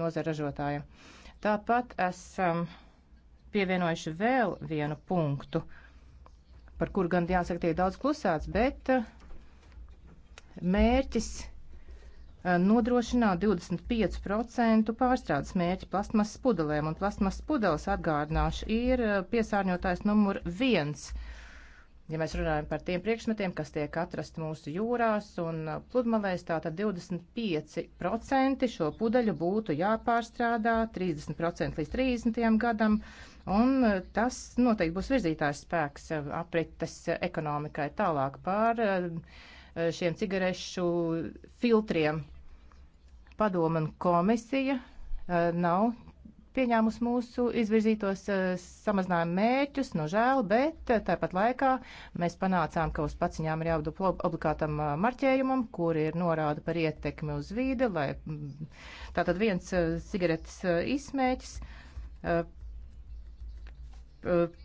nozara ražotājiem. Tāpat esam pievienojuši vēl vienu punktu, par kuru gan jāsaka tiek daudz klusēts, bet eh, mērķis eh, nodrošināt 25% pārstrādes mērķi plastmasas pudelēm, un plastmasas pudeles atgādināšu ir eh, piesārņotājs numur viens. Ja mēs runājam par tiem priekšmetiem, kas tiek atrasti mūsu jūrās un uh, pludmalēs, tā tad 25% šo pudeļu būtu jāpārstrādā 30% līdz 30. gadam, un uh, tas noteikti būs virzītājs spēks uh, aprites ekonomikai tālāk pār šiem cigarešu filtriem. Padoma un komisija nav pieņēmus mūsu izvirzītos eh, samazinājumu mērķus, nu žēl, bet eh, tāpat laikā mēs panācām, ka uz paciņām ir jābūt obligātam eh, marķējumam, kur ir norāda par ietekmi uz vīdi, lai mm, tātad viens cigaretes izsmēķis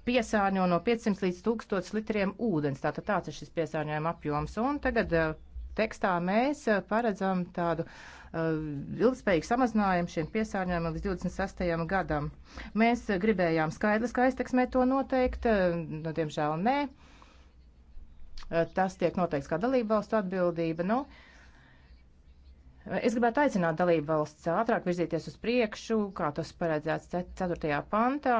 piesārņo no 500 līdz 1000 litriem ūdens. Tātad tāds ir šis piesārņojuma apjoms. Un tagad tekstā mēs eh, paredzam tādu uh, ilgspējīgu samazinājumu šiem piesārņojumam līdz 26. gadam. Mēs gribējām skaidrs, ka aizteksmē to noteikt, eh, no nu, diemžēl nē. Tas tiek noteikts kā dalība valstu atbildība. Nu, Es gribētu aicināt dalību valsts ātrāk virzīties uz priekšu, kā tas paredzēts 4. pantā.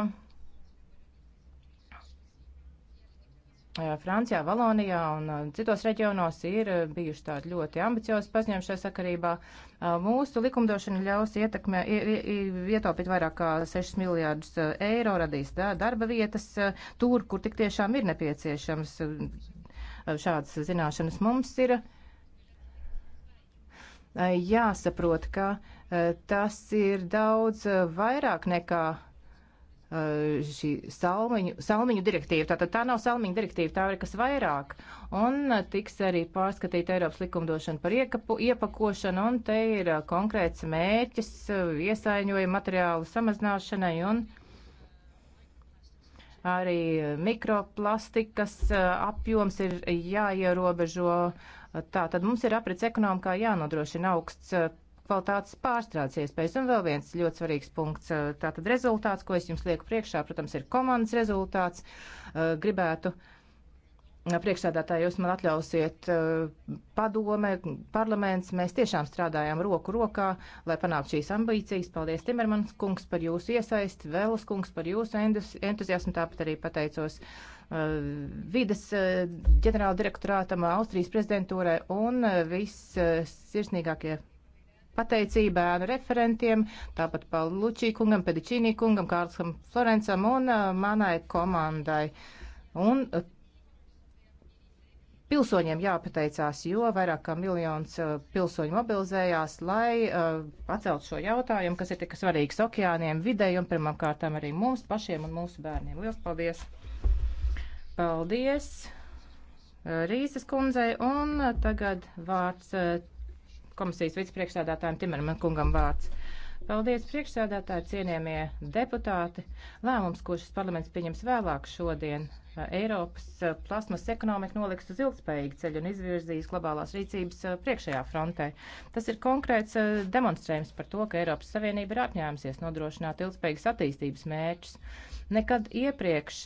Francijā, Valonijā un citos reģionos ir bijuši tādi ļoti ambiciozi paziņojumi šajā sakarībā. Mūsu likumdošana ļaus ietekmē, ietaupīt vairāk kā 6 miljārdus eiro, radīs darba vietas tur, kur tik tiešām ir nepieciešams šādas zināšanas. Mums ir jāsaprot, ka tas ir daudz vairāk nekā Eh, šī salmiņu, salmiņu direktīva. Tātad tā nav salmiņu direktīva, tā ir kas vairāk. Un eh, tiks arī pārskatīta Eiropas likumdošana par iekapu, iepakošanu, un te ir eh, konkrēts mērķis iesaiņoja materiālu samazināšanai un arī mikroplastikas apjoms ir jāierobežo. Tā tad mums ir aprits ekonomikā jānodrošina augsts kvalitātes pārstrādes iespējas. Un vēl viens ļoti svarīgs punkts. Eh, tātad rezultāts, ko es jums lieku priekšā, protams, ir komandas rezultāts. Eh, gribētu eh, priekšsēdētāji, jūs man atļausiet padome, parlaments, mēs tiešām strādājām roku rokā, lai panāktu šīs ambīcijas. Paldies, Timermans kungs, par jūsu iesaisti, Vēlas kungs, par jūsu entuziasmu, tāpat arī pateicos vides ģenerāla direktorātam, Austrijas prezidentūrai un viss sirsnīgākie pateicība ēnu referentiem, tāpat pa Lučī kungam, Pedičīnī kungam, Kārlsam Florencam un uh, manai komandai. Un uh, pilsoņiem jāpateicās, jo vairāk kā miljons uh, pilsoņu mobilizējās, lai pacelt šo jautājumu, kas ir tik svarīgs okeāniem, videi un pirmām kārtām arī mums pašiem un mūsu bērniem. Lielas paldies! Paldies! Rīsas kundzei, un tagad vārds komisijas vicepriekšsēdētājiem Timerman kungam vārds. Paldies, priekšsēdētāji, cienījamie deputāti. Lēmums, ko šis parlaments pieņems vēlāk šodien, Eiropas eh, plasmas ekonomika noliks uz ilgspējīgu ceļu un izvirzīs globālās rīcības eh, priekšējā frontē. Tas ir konkrēts eh, demonstrējums par to, ka Eiropas Savienība ir apņēmusies nodrošināt ilgspējīgas attīstības mērķus. Nekad iepriekš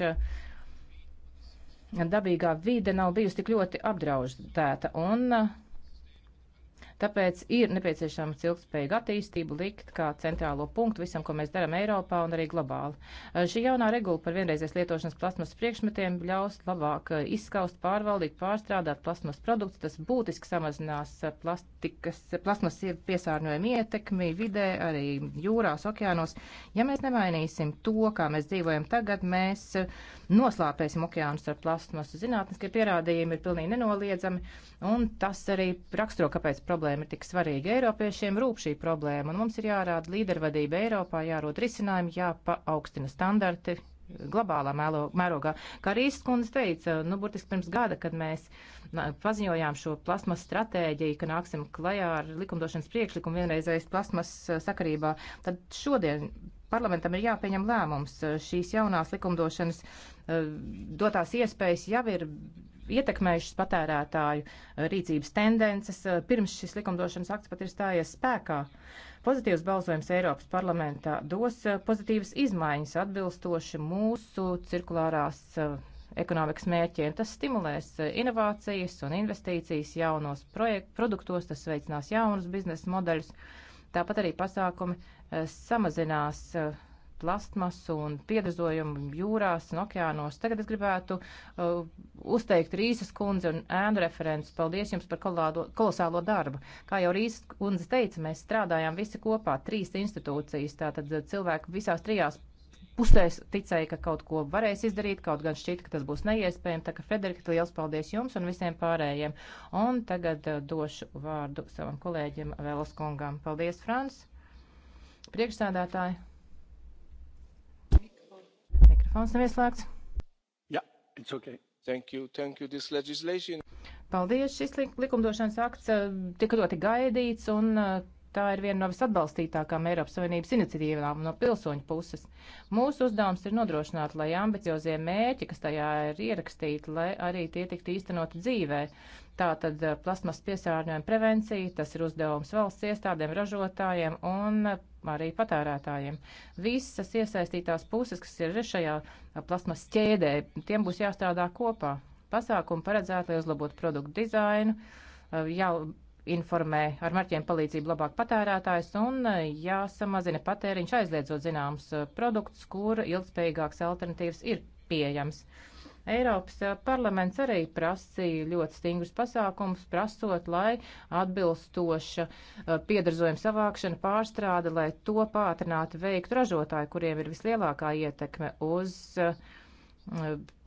dabīgā vīde nav bijusi tik ļoti apdraudēta un Tāpēc ir nepieciešams ilgspējīga attīstība likt kā centrālo punktu visam, ko mēs darām Eiropā un arī globāli. Šī jaunā regula par vienreizēs lietošanas plasmas priekšmetiem ļaus labāk izskaust, pārvaldīt, pārstrādāt plasmas produktus. Tas būtiski samazinās plastikas, plasmas piesārņojumu ietekmi vidē, arī jūrās, okeānos. Ja mēs nemainīsim to, kā mēs dzīvojam tagad, mēs uh, noslāpēsim okeānus ar plastmasu. Zinātniskie pierādījumi ir pilnīgi nenoliedzami, un tas arī raksturo, kāpēc problēma ir tik svarīga. Eiropiešiem rūp šī problēma, un mums ir jārāda līdervadība Eiropā, jārod risinājumi, jāpaaugstina standarti globālā mēlo, mērogā. Kā Rīsas kundze teica, nu, burtiski pirms gada, kad mēs paziņojām šo plasmas stratēģiju, ka nāksim klajā ar likumdošanas priekšlikumu vienreizējas plasmas eh, sakarībā, tad šodien parlamentam ir jāpieņem lēmums. Šīs jaunās likumdošanas eh, dotās iespējas jau ir ietekmējušas patērētāju eh, rīcības tendences, eh, pirms šis likumdošanas akts pat ir stājies spēkā. Pozitīvs balsojums Eiropas parlamentā dos eh, pozitīvas izmaiņas atbilstoši mūsu cirkulārās ekonomikas mērķiem. Tas stimulēs inovācijas un investīcijas jaunos projektu, produktos, tas veicinās jaunus biznesa modeļus. Tāpat arī pasākumi samazinās uh, plastmasu un piedazojumu jūrās un okeānos. Tagad es gribētu uh, uzteikt Rīsas kundzi un ēnu referents. Paldies jums par kolādo, kolosālo darbu. Kā jau Rīsas kundze teica, mēs strādājām visi kopā, trīs institūcijas, tātad uh, cilvēki visās trijās pusēs ticēja, ka kaut ko varēs izdarīt, kaut gan šķita, ka tas būs neiespējami. Tā kā Frederika, liels paldies jums un visiem pārējiem. Un tagad uh, došu vārdu savam kolēģim Vēlas kungam. Paldies, Frans! Priekšsēdētāji! Mikrofons nav ieslēgts. Jā, yeah, it's okay. Thank you, thank you, this legislation. Paldies, šis likumdošanas akts eh, tika ļoti gaidīts un eh, Tā ir viena no visatbalstītākām Eiropas Savienības iniciatīvām no pilsoņu puses. Mūsu uzdevums ir nodrošināt, lai ambiciozie mērķi, kas tajā ir ierakstīti, lai arī tie tiktu īstenoti dzīvē. Tātad eh, plasmas piesārņojuma prevencija, tas ir uzdevums valsts iestādēm, ražotājiem un eh, arī patērētājiem. Visas iesaistītās puses, kas ir šajā eh, plasmas ķēdē, tiem būs jāstrādā kopā. Pasākumi paredzēti, lai uzlabotu produktu dizainu, jau informē ar marķiem palīdzību labāk patērētājs un eh, jāsamazina patēriņš aizliedzot zināms eh, produktus, kur ilgspējīgāks alternatīvas ir pieejams. Eiropas eh, parlaments arī prasīja ļoti stingrus pasākumus, prasot, lai atbilstoša piedarzojuma savākšana pārstrāde, lai to pātrinātu veiktu ražotāji, kuriem ir vislielākā ietekme uz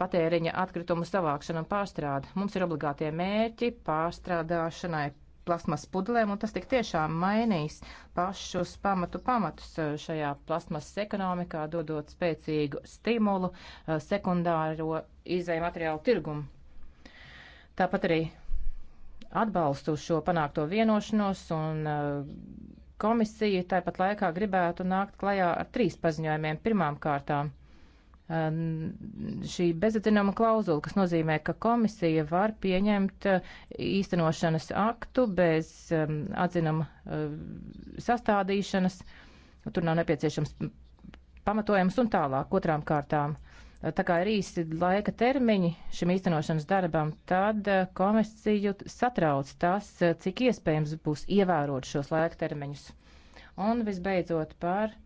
patēriņa atkritumu savākšanu un pārstrādi. Mums ir obligātie mērķi pārstrādāšanai plasmas pudelēm, un tas tik tiešām mainīs pašus pamatu pamatus eh, šajā plasmas ekonomikā, dodot spēcīgu stimulu eh, sekundāro izēju materiālu tirgumu. Tāpat arī atbalstu šo panākto vienošanos un eh, komisija tāpat laikā gribētu nākt klajā ar trīs paziņojumiem pirmām kārtām Ehm, šī bezatinama klauzula, kas nozīmē, ka komisija var pieņemt eh, īstenošanas aktu bez ehm, atzinama eh, sastādīšanas, tur nav nepieciešams pamatojums un tālāk otrām kārtām. Eh, tā kā ir īsti laika termiņi šim īstenošanas darbam, tad komisiju satrauc tas, cik iespējams būs ievērot šos laika termiņus. Un visbeidzot par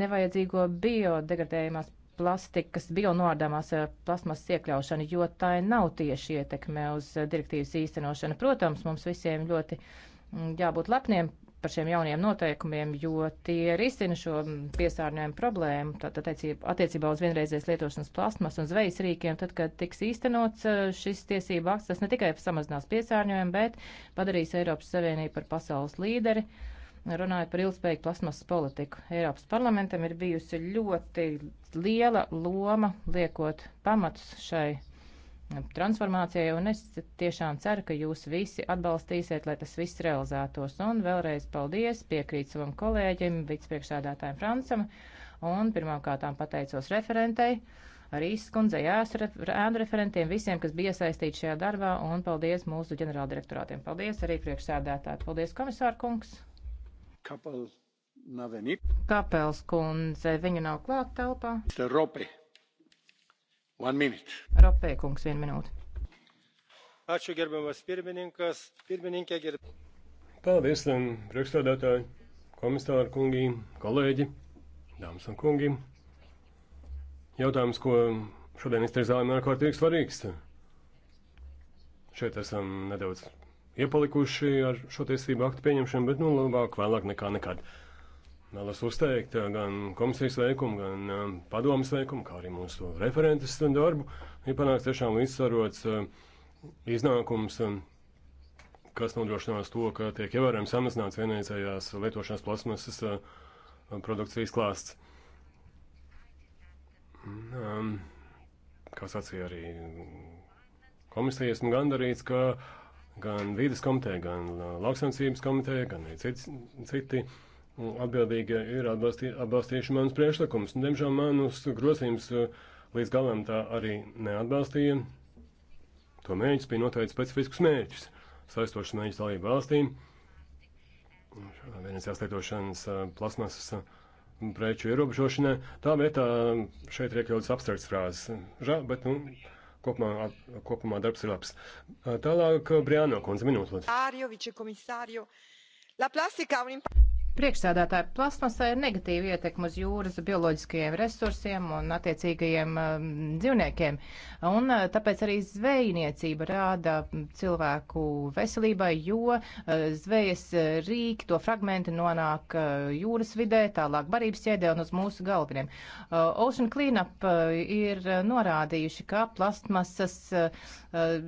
nevajadzīgo biodegradējumās plastikas bionoardāmās eh, plasmasas iekļaušanu, jo tā nav tieši ietekme uz eh, direktīvas īstenošanu. Protams, mums visiem ļoti mm, jābūt lepniem par šiem jauniem noteikumiem, jo tie risina šo mm, piesārņojumu problēmu, tātad attiecībā uz vienreizēs lietošanas plasmas un zvejas rīkiem, tad, kad tiks īstenots eh, šis tiesība akts, tas ne tikai samazinās piesārņojumu, bet padarīs Eiropas Savienību par pasaules līderi. Uh, runāja par ilgspējīgu plasmasas politiku. Eiropas parlamentam ir bijusi ļoti liela loma liekot pamatus šai eh, transformācijai, un es tiešām ceru, ka jūs visi atbalstīsiet, lai tas viss realizētos. Un vēlreiz paldies, piekrīt savam kolēģim, vicepriekšsādātājiem Francam, un pirmkārtām pateicos referentei, arī skundzei ēnu referentiem, visiem, kas bija iesaistīti šajā darbā, un paldies mūsu ģenerāldirektorātiem. Paldies arī priekšsādātāji. Paldies, komisārkungs! Kapel nav venit. Kapels kundze, viņa nav klāt telpā. Rope. One minute. Rope kungs, vienu minūti. Ačiū gerbiamas pirmininkas, pirmininkė gerb. Paldies, um, priekšstādātāji, komisāri kungi, kolēģi, dāmas un kungi. Jautājums, ko šodien izteizājām, ir ārkārtīgi svarīgs. Šeit esam nedaudz iepalikuši ar šo tiesību aktu pieņemšanu, bet nu labāk vēlāk nekā nekad. Vēlos uzteikt uh, gan komisijas veikumu, gan um, padomas veikumu, kā arī mūsu referentes darbu. Ir panākts tiešām līdzsvarots um, iznākums, um, kas nodrošinās to, ka tiek ievērojami samazināts vienreizējās lietošanas plasmasas uh, produkcijas klāsts. Um, kā sacīja arī komisija, esmu gandarīts, ka gan vīdes komiteja, gan uh, lauksaimniecības komiteja, gan arī cits, citi mm, atbildīgie ir atbalstī, atbalstījuši manus priekšlikumus. Nu, diemžēl manus grozījumus uh, līdz galam tā arī neatbalstīja. To mēģis bija noteikti specifiskus mēģus, saistošas mēģis dalību valstīm, vienas jāstietošanas uh, plasmasas preču ierobežošanai. Tā vietā šeit ir iekļautas abstrakts frāzes. Žā, bet, nu, kopumā, kopumā darbs ir labs. Tālāk Briāno kundze minūte. Priekšsēdētāji plasmasā ir negatīva ietekma uz jūras bioloģiskajiem resursiem un attiecīgajiem um, dzīvniekiem, un uh, tāpēc arī zvejniecība rāda cilvēku veselībai, jo uh, zvejas rīki, to fragmenti nonāk uh, jūras vidē, tālāk barības ķēdē un uz mūsu galviem. Uh, Ocean Cleanup uh, ir norādījuši, ka plastmasas uh, uh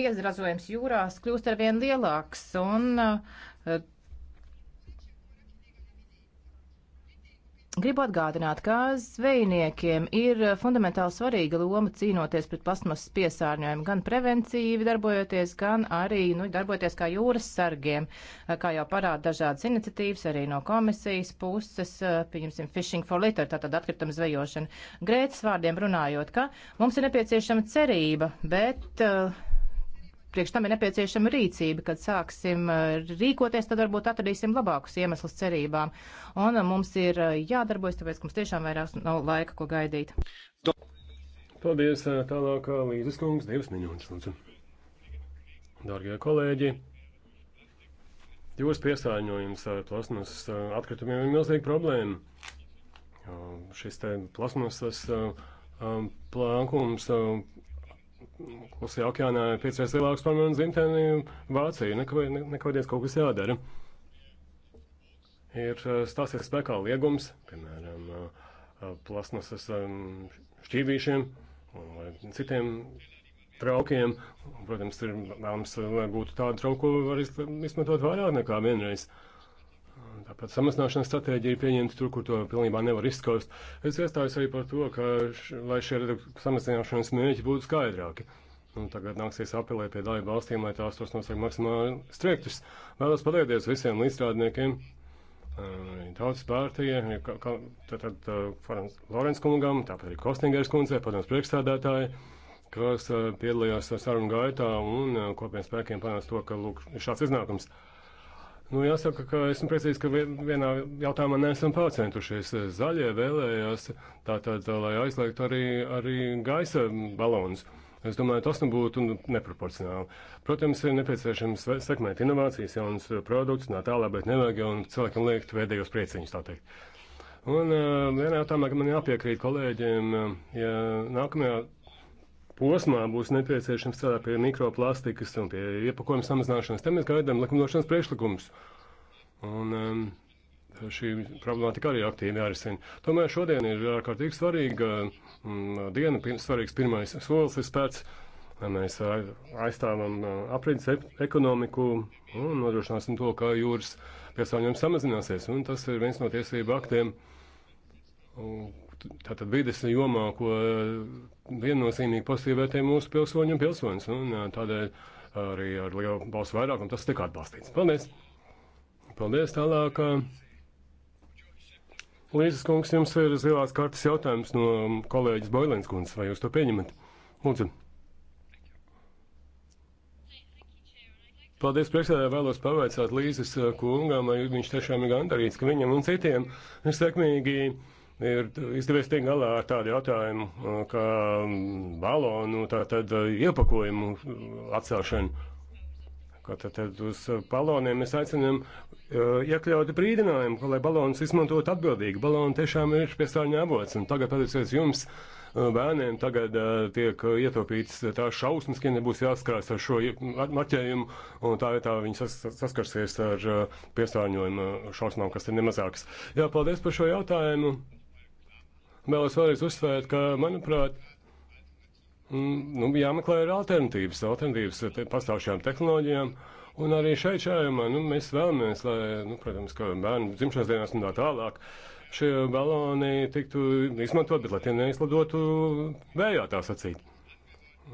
piezrazojums jūrās kļūst arvien lielāks, un uh, Gribu atgādināt, ka zvejniekiem ir fundamentāli svarīga loma cīnoties pret plasmasas piesārņojumu, gan prevencīvi darbojoties, gan arī nu, darboties kā jūras sargiem, kā jau parāda dažādas iniciatīvas arī no komisijas puses, pieņemsim, Fishing for Litter, tātad atkrituma zvejošana. Grētas vārdiem runājot, ka mums ir nepieciešama cerība, bet. Uh, priekš tam ir nepieciešama rīcība, kad sāksim eh, rīkoties, tad varbūt atradīsim labākus iemeslus cerībām. Un eh, mums ir eh, jādarbojas, tāpēc, ka mums tiešām vairāk nav laika, ko gaidīt. Paldies, tālāk Līzes kungs, divas minūtes, lūdzu. Dargie kolēģi, jūras piesārņojums ar plasmas atkritumiem ir milzīga problēma. Šis te plasmasas plankums klusajā okeānā ir piecreiz lielāks par manu dzimteni Vāciju. Nekavādies ne, ne, kaut kas jādara. Ir eh, stāsies spēkā liegums, piemēram, eh, plasmasas ehm, šķīvīšiem vai citiem traukiem. Protams, ir vēlams, lai būtu tādu trauku, ko var izmantot vairāk nekā vienreiz. Uh, Tāpat samazināšanas stratēģija ir pieņemta tur, kur to pilnībā nevar izskaust. Es iestājos arī par to, ka, š, lai šie samazināšanas mērķi būtu skaidrāki. Un nu, tagad nāksies apelēt pie dalību valstīm, lai tās tos nosaka maksimāli striktus. Vēlos pateikties visiem līdzstrādniekiem, tautas pārtīja, tātad Florence tā, kungam, tāpat arī Kostingers kundzei, padoms priekšstādātāji, kas piedalījās sarunu gaitā un kopiem spēkiem panāca to, ka lūk, šāds iznākums. Nu, jāsaka, ka esmu priecīgs, ka vienā jautājumā neesam pārcentušies. Zaļie vēlējās tātad, lai aizliegtu arī, arī gaisa balonus. Es domāju, tas nu būtu neproporcionāli. Protams, ir nepieciešams sekmēt inovācijas, jaunas produktus, nā tālāk, bet nevajag jau cilvēkam liekt vēdējos prieciņus, tā teikt. Un eh, vienā jautājumā, ka man jāpiekrīt kolēģiem, eh, ja nākamajā posmā būs nepieciešams strādāt pie mikroplastikas un pie iepakojuma samazināšanas. Te mēs gaidām likumdošanas priekšlikumus. Un um, šī problemātika arī aktīvi jārisina. Tomēr šodien ir ārkārtīgi svarīga um, diena, pirms, svarīgs pirmais solis ir spēts. Mēs aizstāvam aprīļas ekonomiku un nodrošināsim to, ka jūras piesārņojums samazināsies. Un tas ir viens no tiesību aktiem, tātad vides jomā, ko eh, viennozīmīgi pozitīvi vērtē mūsu pilsoņi un pilsoņas. Un eh, tādēļ arī ar lielu balsu vairākumu tas tika atbalstīts. Paldies! Paldies tālāk! Eh. Līdzes kungs, jums ir zilās kartas jautājums no kolēģis Boilēns kundzes. Vai jūs to pieņemat? Lūdzu! Paldies, priekšsēdētāji, vēlos paveicāt Līzes kungam, lai viņš tiešām ir gandarīts, ka viņam un citiem ir sekmīgi ir izdevies tikt galā ar tādu jautājumu, uh, kā mm, balonu, tā tad uh, iepakojumu uh, atcelšanu. Kā tad, tad uz baloniem mēs aicinām iekļaut brīdinājumu, ka, lai balonus izmantot atbildīgi. Baloni tiešām ir piesārņa avots, un tagad pateicoties jums, bērniem, tagad tiek ietaupīts tās šausmas, ka nebūs jāskrās ar šo marķējumu, un tā vietā viņi sas, saskarsies ar piesārņojumu šausmām, kas ir nemazākas. Jā, paldies par šo jautājumu vēlos vēlreiz uzsvērt, ka, manuprāt, mm, nu, jāmeklē ir alternatīvas, alternatīvas te, pastāvšajām tehnoloģijām. Un arī šeit, šajā jomā, nu, mēs vēlamies, lai, nu, protams, ka bērnu dzimšanas dienās un tā tālāk šie baloni tiktu izmantot, bet lai tie neizlidotu vējā, tā sacīt.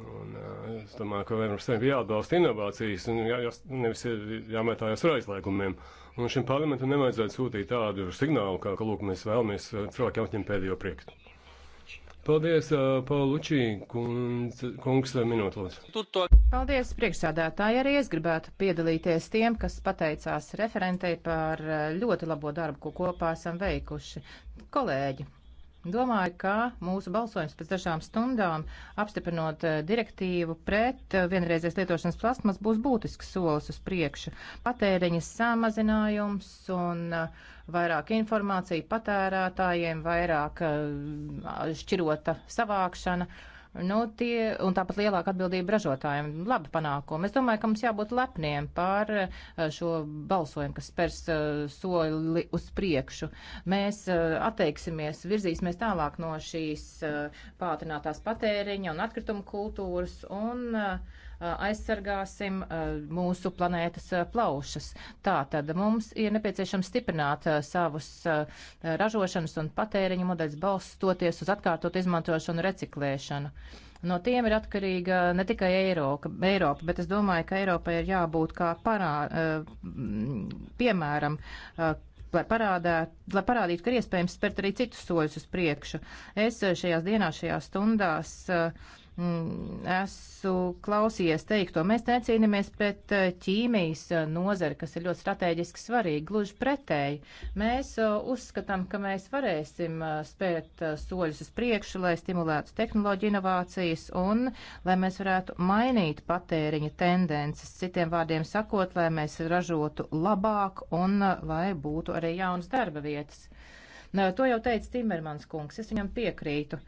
Un, es domāju, ka vienam ar sevi jāatbalsta inovācijas un jā, jā, nevis ir jāmetājas ar aizliegumiem. Uh, Un šim parlamentam nevajadzētu sūtīt tādu signālu, kā, ka, lūk, mēs vēlamies eh, cilvēkiem atņemt pēdējo prieku. Paldies, eh, Paulučī, kungs, eh, minūte, lūdzu. Paldies, priekšsādātāji. Arī es gribētu piedalīties tiem, kas pateicās referentei par ļoti labo darbu, ko kopā esam veikuši. Kolēģi, Domāju, ka mūsu balsojums pēc dažām stundām apstiprinot eh, direktīvu pret eh, vienreizēs lietošanas plasmas būs būtisks solis uz priekšu. Patēriņas samazinājums un eh, vairāk informācija patērētājiem, vairāk šķirota savākšana Nu, tie, un tāpat lielāka atbildība ražotājiem. Labi panākumi. Es domāju, ka mums jābūt lepniem par eh, šo balsojumu, kas spērs eh, soli uz priekšu. Mēs eh, atteiksimies, virzīsimies tālāk no šīs pātrinātās patēriņa un atkritumu kultūras un uh, Eh, aizsargāsim eh, mūsu planētas eh, plaušas. Tātad mums ir nepieciešams stiprināt savus ražošanas un patēriņu modeļus balstoties uz atkārtot izmantošanu un reciklēšanu. No tiem ir atkarīga ne tikai Eiropa, Eiropa bet es domāju, ka Eiropai ir jābūt kā parā, piemēram, lai, parādā, lai parādītu, ka ir iespējams spērt arī citus soļus uz priekšu. Es šajās dienās, šajās stundās uh, Mm, esmu klausījies teikto, mēs necīnāmies pret eh, ķīmijas eh, nozari, kas ir ļoti strateģiski svarīga, gluži pretēji. Mēs eh, uzskatām, ka mēs varēsim spērt soļus uz priekšu, lai stimulētu tehnoloģiju inovācijas un lai mēs varētu mainīt patēriņa tendences. Citiem vārdiem sakot, lai mēs ražotu labāk un lai būtu arī jaunas darba vietas. To jau teica Timermans kungs, es viņam piekrītu.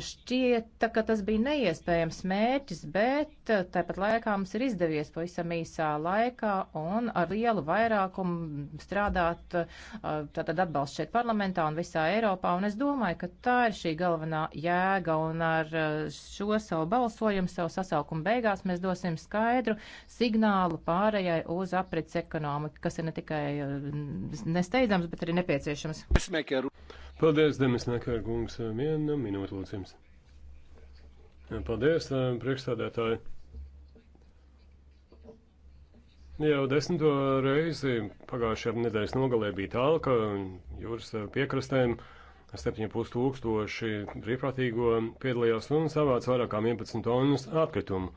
Šķiet, ka tas bija neiespējams mērķis, bet tāpat laikā mums ir izdevies pavisam īsā laikā un ar lielu vairākumu strādāt tātad atbalsts šeit parlamentā un visā Eiropā. Un es domāju, ka tā ir šī galvenā jēga un ar šo savu balsojumu, savu sasaukumu beigās mēs dosim skaidru signālu pārējai uz aprits ekonomiku, kas ir ne tikai nesteidzams, bet arī nepieciešams. Pesmēki. Paldies, Demis Nekārgungs. Viena minūte lūdzu jums. Paldies, priekšstādētāji. Jau desmito reizi pagājušajā nedēļas nogalē bija tā, ka jūras piekrastēm 7,5 tūkstoši brīvprātīgo piedalījās un savāca vairāk kā 11 tonnas atkritumu.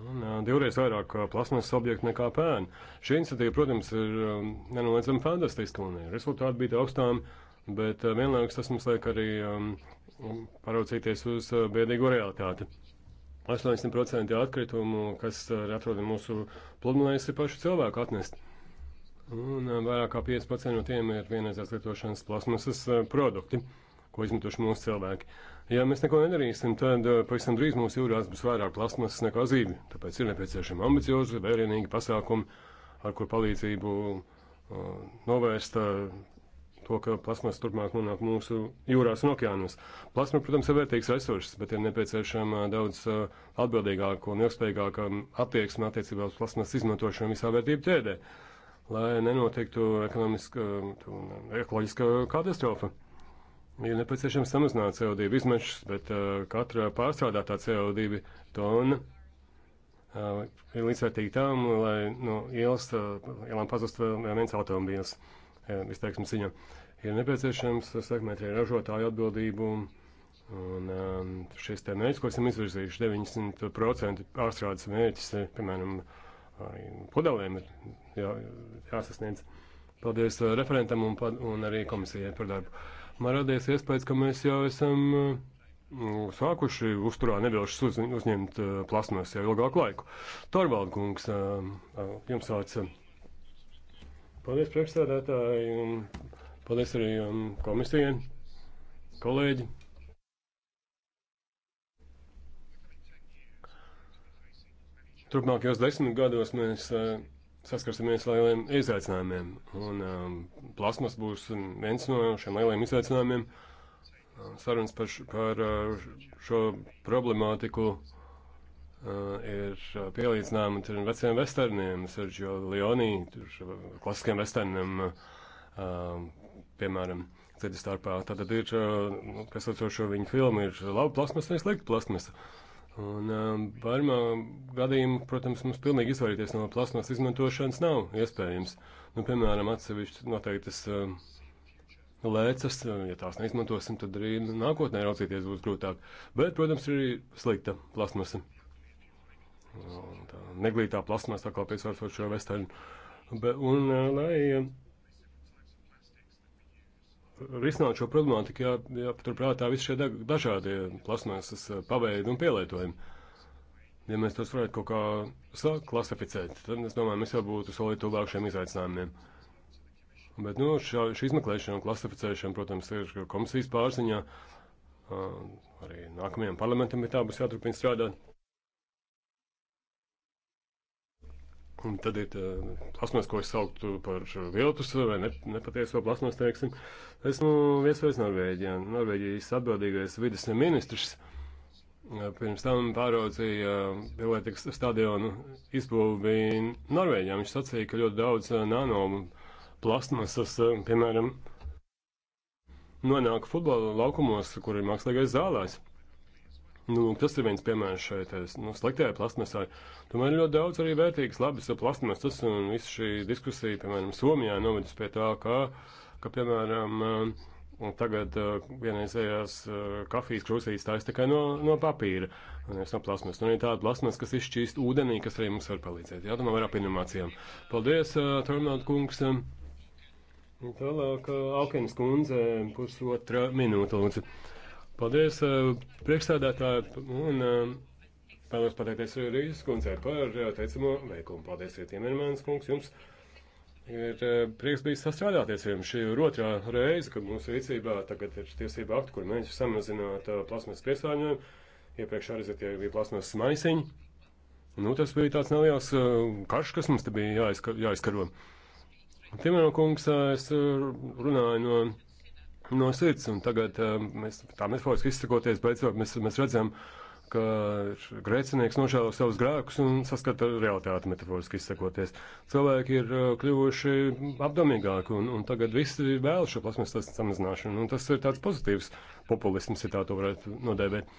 Un, divreiz vairāk plasmas objektu nekā pēn. Šī iniciatīva, protams, ir nenoliedzami fantastiska un rezultāti bija augstām uh, bet eh, vienlaikus tas mums liek arī um, paraucīties uz eh, biedīgo realitāti. 80% atkritumu, kas ir eh, atrodami mūsu pludmales, ir pašu cilvēku atnest. Un vairāk kā 5% no tiem ir vienreizās lietošanas plasmasas produkti, ko izmantoši mūsu cilvēki. Ja mēs neko nedarīsim, tad pavisam drīz mūsu jūrās būs vairāk plasmasas nekā zīme. Tāpēc ir nepieciešami ambiciozi, vērienīgi pasākumi, ar kur palīdzību uh, novērst uh, to, ka plasmas turpmāk nonāk mūsu jūrās un okeānos. Plasma, protams, ir vērtīgs resurss, bet ir nepieciešama daudz uh, atbildīgāka un ilgspējīgāka um, attieksme attiecībā uz plasmas izmantošanu visā vērtību ķēdē, lai nenotiktu ekonomiska um, un um, ekoloģiska katastrofa. Ir nepieciešams samazināt CO2 izmešus, bet uh, katra pārstrādātā CO2 tona uh, ir līdzvērtīga tam, lai no nu, ielas, uh, ielām pazust vēl viens automobīls. Uh, izteiksmes ziņā. Ir nepieciešams sekmēt arī ražotāju atbildību. Un um, šis te mērķis, ko esam izvirzījuši, 90% pārstrādes mērķis, eh, piemēram, arī pudelēm ir jā, jāsasniedz. Paldies eh, referentam un, un arī komisijai par darbu. Man radies iespējas, ka mēs jau esam mm, sākuši uzturā nevilšas uz, uzņemt eh, plasmas jau ilgāku laiku. Torvald kungs, jums vārds. Paldies priekšstādātāji un paldies arī um, komisijai, kolēģi. Turpmākajos desmit gados mēs uh, saskarsimies lieliem izaicinājumiem, un um, plasmas būs viens no šiem lieliem izaicinājumiem. Sarunas par, par uh, šo problemātiku uh, Eh, ir eh, pielīdzināma tur veciem westerniem, Sergio Leonī, tur klasiskiem westerniem, eh, piemēram, ceļu starpā. Tātad ir, nu, piesacošo viņu filmu, ir laba plasmas, nevis slikta plasmas. Un vairumā gadījumu, protams, mums pilnīgi izvairīties no plasmas izmantošanas nav iespējams. Nu, piemēram, atsevišķi noteiktas lēcas, ja tās neizmantosim, tad arī nākotnē raucīties būs grūtāk. Bet, protams, ir arī slikta plasmasa tā neglītā plasmasā, kā piesārfot šo vestaļu. Be, un, lai risinātu šo problemātiku, jā, jāpaturprātā visi šie dažādie plasmasas paveidi un pielietojumi. Ja mēs tos varētu kaut kā klasificēt, tad es domāju, mēs jau būtu solīti tuvāk šiem izaicinājumiem. Bet nu, šā, šī izmeklēšana un klasificēšana, protams, ir komisijas pārziņā. Uh, arī nākamajam parlamentam ir tā, būs jāturpina strādāt. Un tad ir eh, plasmas, ko es sauktu par viltus vai ne, nepatieso plasmas, teiksim. Esmu nu, viesojis Norvēģijā. Norvēģijas atbildīgais vidas ministrs eh, pirms tam pāraudzīja Pilētikas eh, stadionu izbūvi Norvēģijā. Viņš sacīja, ka ļoti daudz nanomu plasmasas, piemēram, nonāk futbola laukumos, kur ir mākslīgais zālājs. Nu, tas ir viens piemērs šeit, nu, sliktajā plasmasā. Tomēr ir ļoti daudz arī vērtīgas, labas plasmasas, un visa šī diskusija, piemēram, Somijā novedus pie tā, ka, ka piemēram, um, tagad uh, vienreizējās uh, kafijas krūsīs taisa tikai no, no papīra, nevis no plasmas. Un nu, ir tāda plasmas, kas izšķīst ūdenī, kas arī mums var palīdzēt. Jādomā vairāk par inovācijām. Paldies, uh, Tormēl kungs. Um, tālāk, Alkenis kundze, pusotra minūte, lūdzu. Paldies eh, priekšstādātāji un eh, vēlos pateikties Rīgas kundzei par eh, teicamo veikumu. Paldies, Ietimērmēns kungs, jums ir prieks bijis sastrādāties ar jums. Šī ir otrā reize, kad mūsu rīcībā tagad ir tiesība akti, kur mēģina samazināt plasmas piesārņojumu. Iepriekš arī tie bija plasmas maisiņi. Nu, tas bija tāds neliels karš, kas mums te bija jāizka, jāizkaro. Timēna kungs, es runāju no no sirds. Un tagad eh, mēs tā metaforiski izsakoties, beidzot mēs, mēs redzam, ka grēcinieks nožēlo savus grēkus un saskata realitāti metaforiski izsakoties. Cilvēki ir eh, kļuvuši apdomīgāki un, un tagad visi vēl šo plasmasas samazināšanu. Un tas ir tāds pozitīvs populisms, ja tā to varētu nodēvēt.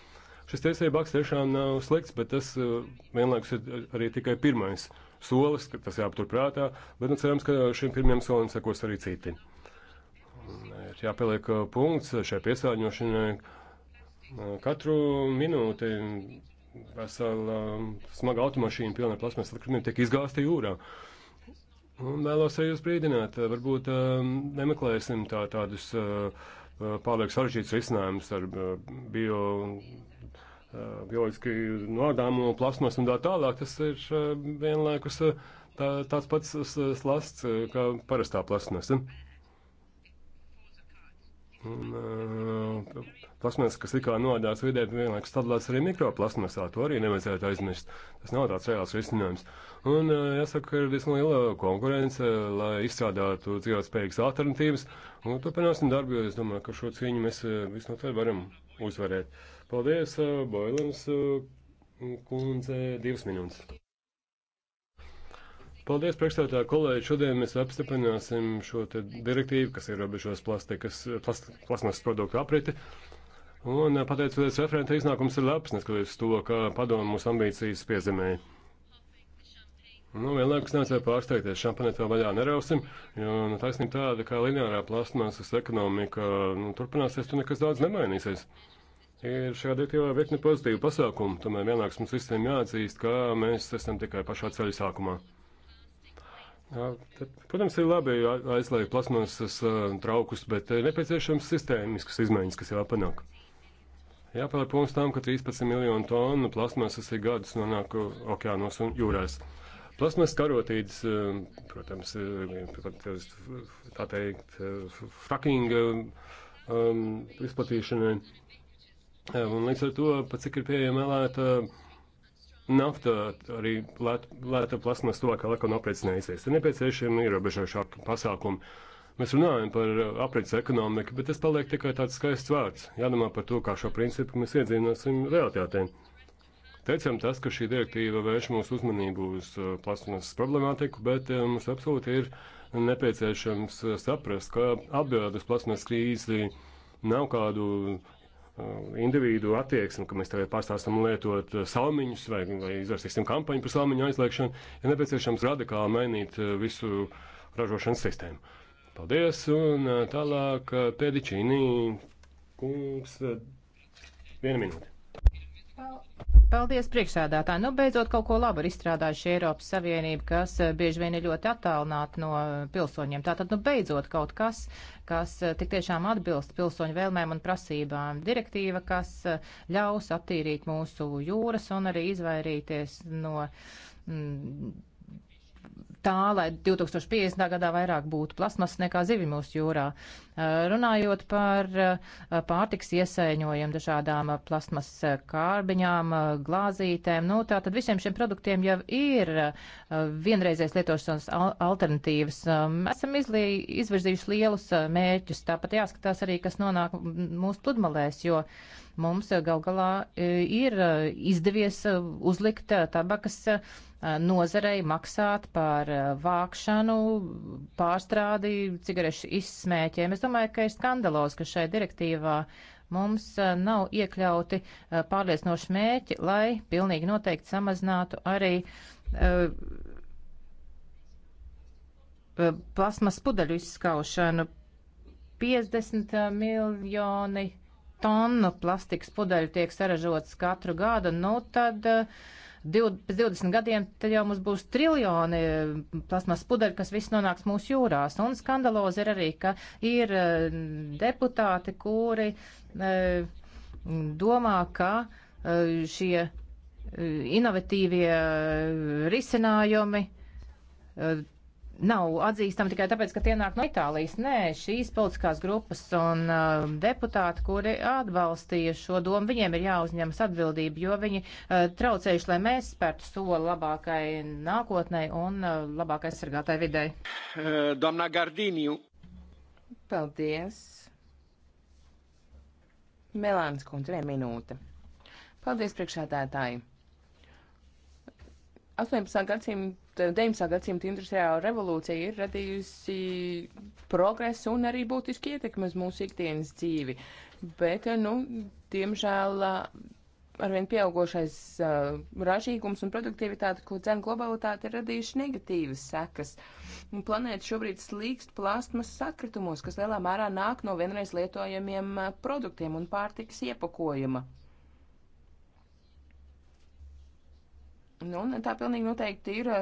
Šis tiesība akts tiešām nav slikts, bet tas eh, vienlaikus ir arī tikai pirmais solis, ka tas jāaptur prātā, bet nu cerams, ka šim pirmajam solim sekos arī citi. Ir jāpieliek uh, punkts šai piesārņošanai. Uh, katru minūti vesela um, smaga automašīna pilna plasmas atkritumiem tiek izgāsta jūrā. Un vēlos arī jūs brīdināt, uh, varbūt um, nemeklēsim tā, tādus pārlieku sarežģītus risinājumus ar bio bioloģiski nodāmo plasmas un tā tālāk, tas ir vienlaikus tā, tāds pats slasts kā parastā plasmasa. Un uh, plasmas, kas tikā nodās vidē, vienlaikus stādās arī mikroplasmasā, to arī nevajadzētu aizmirst. Tas nav tāds reāls risinājums. Un uh, jāsaka, ir diezgan liela konkurence, lai izstrādātu dzīvotspējīgas alternatīvas. Un turpināsim darbu, jo es domāju, ka šo cīņu mēs uh, visnotaļ varam uzvarēt. Paldies, uh, Boilens uh, kundze, divas minūtes. Paldies, priekšstādā kolēģi. Šodien mēs apstiprināsim šo direktīvu, kas ierobežos plastikas, plast, plasmas produktu apriti. Un eh, pateicoties referenta iznākums ir labs, neskatoties to, ka padomu mūsu ambīcijas piezemēja. Nu, vienlaikus nevajadzēja pārsteigties, šampanēt vēl vaļā nerausim, jo nu, taisnība tāda, kā lineārā plasmasas ekonomika nu, turpināsies, tur nekas daudz nemainīsies. Ir šajā direktīvā virkni pozitīvu pasākumu, tomēr vienlāks mums visiem jāatzīst, ka mēs esam tikai pašā ceļa sākumā. Jā, tad, protams, ir labi aizliegt plasmasas traukus, bet ir e, nepieciešams sistēmiskas izmaiņas, kas jāpanāk. Jāpaliek mums tam, ka 13 miljonu tonu plasmasas ir gadus nonāk okeānos un jūrās. Plasmas karotīdes, e, e, protams, tā teikt, frakinga um, izplatīšanai. Un līdz ar to, pat cik ir pieejama lēta. Uh, Nafta arī lēta plasmas tuvākā laikā nopriecinājusies. Ir nepieciešami ierobežošāki pasākumi. Mēs runājam par aprits ekonomiku, bet tas paliek tikai tāds skaists vārds. Jādomā par to, kā šo principu mēs iedzīvināsim realitātē. Teicām tas, ka šī direktīva vērš mūsu uzmanību uz uh, plasmas problemātiku, bet uh, mums absolūti ir nepieciešams uh, saprast, ka atbildes plasmas krīzi nav kādu Uh, individu attieksmi, ka mēs tagad pārstāstam lietot uh, salmiņus vai, vai izvērsīsim kampaņu par salmiņu aizliekšanu, ir ja nepieciešams radikāli mainīt uh, visu ražošanas sistēmu. Paldies, un tālāk pēdiķīnī kungs vienu minūti. Paldies priekšsēdētāji. Nu, beidzot kaut ko labu ir izstrādājuši Eiropas Savienība, kas eh, bieži vien ir ļoti attālināta no eh, pilsoņiem. Tātad, nu, beidzot kaut kas, kas eh, tik tiešām atbilst pilsoņu vēlmēm un prasībām. Direktīva, kas ļaus attīrīt mūsu jūras un arī izvairīties no. Mm, Tā, lai 2050. gadā vairāk būtu plasmas nekā zivi mūsu jūrā. Uh, Eh, runājot par eh, pārtiks iesaiņojumu dažādām eh, plasmas kārbiņām, glāzītēm, nu tā tad visiem šiem produktiem jau ir vienreizēs lietošanas alternatīvas. Esam izlī, izvirzījuši lielus mērķus, tāpat jāskatās arī, kas nonāk mūsu pludmalēs, jo mums gal galā ir izdevies uzlikt tabakas nozarei maksāt par vākšanu, pārstrādi, cigarešu izsmēķiem. Es domāju, ka ir skandalos, ka šai direktīvā mums eh, nav iekļauti eh, pārliecinoši mērķi, lai pilnīgi noteikti samazinātu arī eh, plasmas pudeļu izskaušanu. 50 miljoni tonu plastikas pudeļu tiek saražotas katru gadu, nu tad uh, pēc 20 gadiem tad jau mums būs triljoni eh, plasmas pudeļu, kas viss nonāks mūsu jūrās. Un skandalozi ir arī, ka ir eh, deputāti, kuri eh, domā, ka šie inovatīvie risinājumi nav atzīstama tikai tāpēc, ka tie nāk no Itālijas. Nē, šīs politiskās grupas un uh, deputāti, kuri atbalstīja šo domu, viņiem ir jāuzņemas atbildība, jo viņi uh, traucējuši, lai mēs spērtu soli labākai nākotnē un uh, labākai aizsargātai videi. Eh, Domnā Gardīniju. Paldies. Melāns kundze, viena minūte. Paldies priekšētētāji. 18. gadsimta 19. gadsimta industriālā revolūcija ir radījusi progresu un arī būtiski ietekmi uz mūsu ikdienas dzīvi. Bet, nu, diemžēl arvien pieaugošais uh, ražīgums un produktivitāte, ko dzēna globalitāte, ir radījuši negatīvas sekas. Un planēta šobrīd slīkst plāstmas sakritumos, kas lielā mērā nāk no vienreiz lietojamiem produktiem un pārtikas iepakojuma. Nu, un tā pilnīgi noteikti ir uh,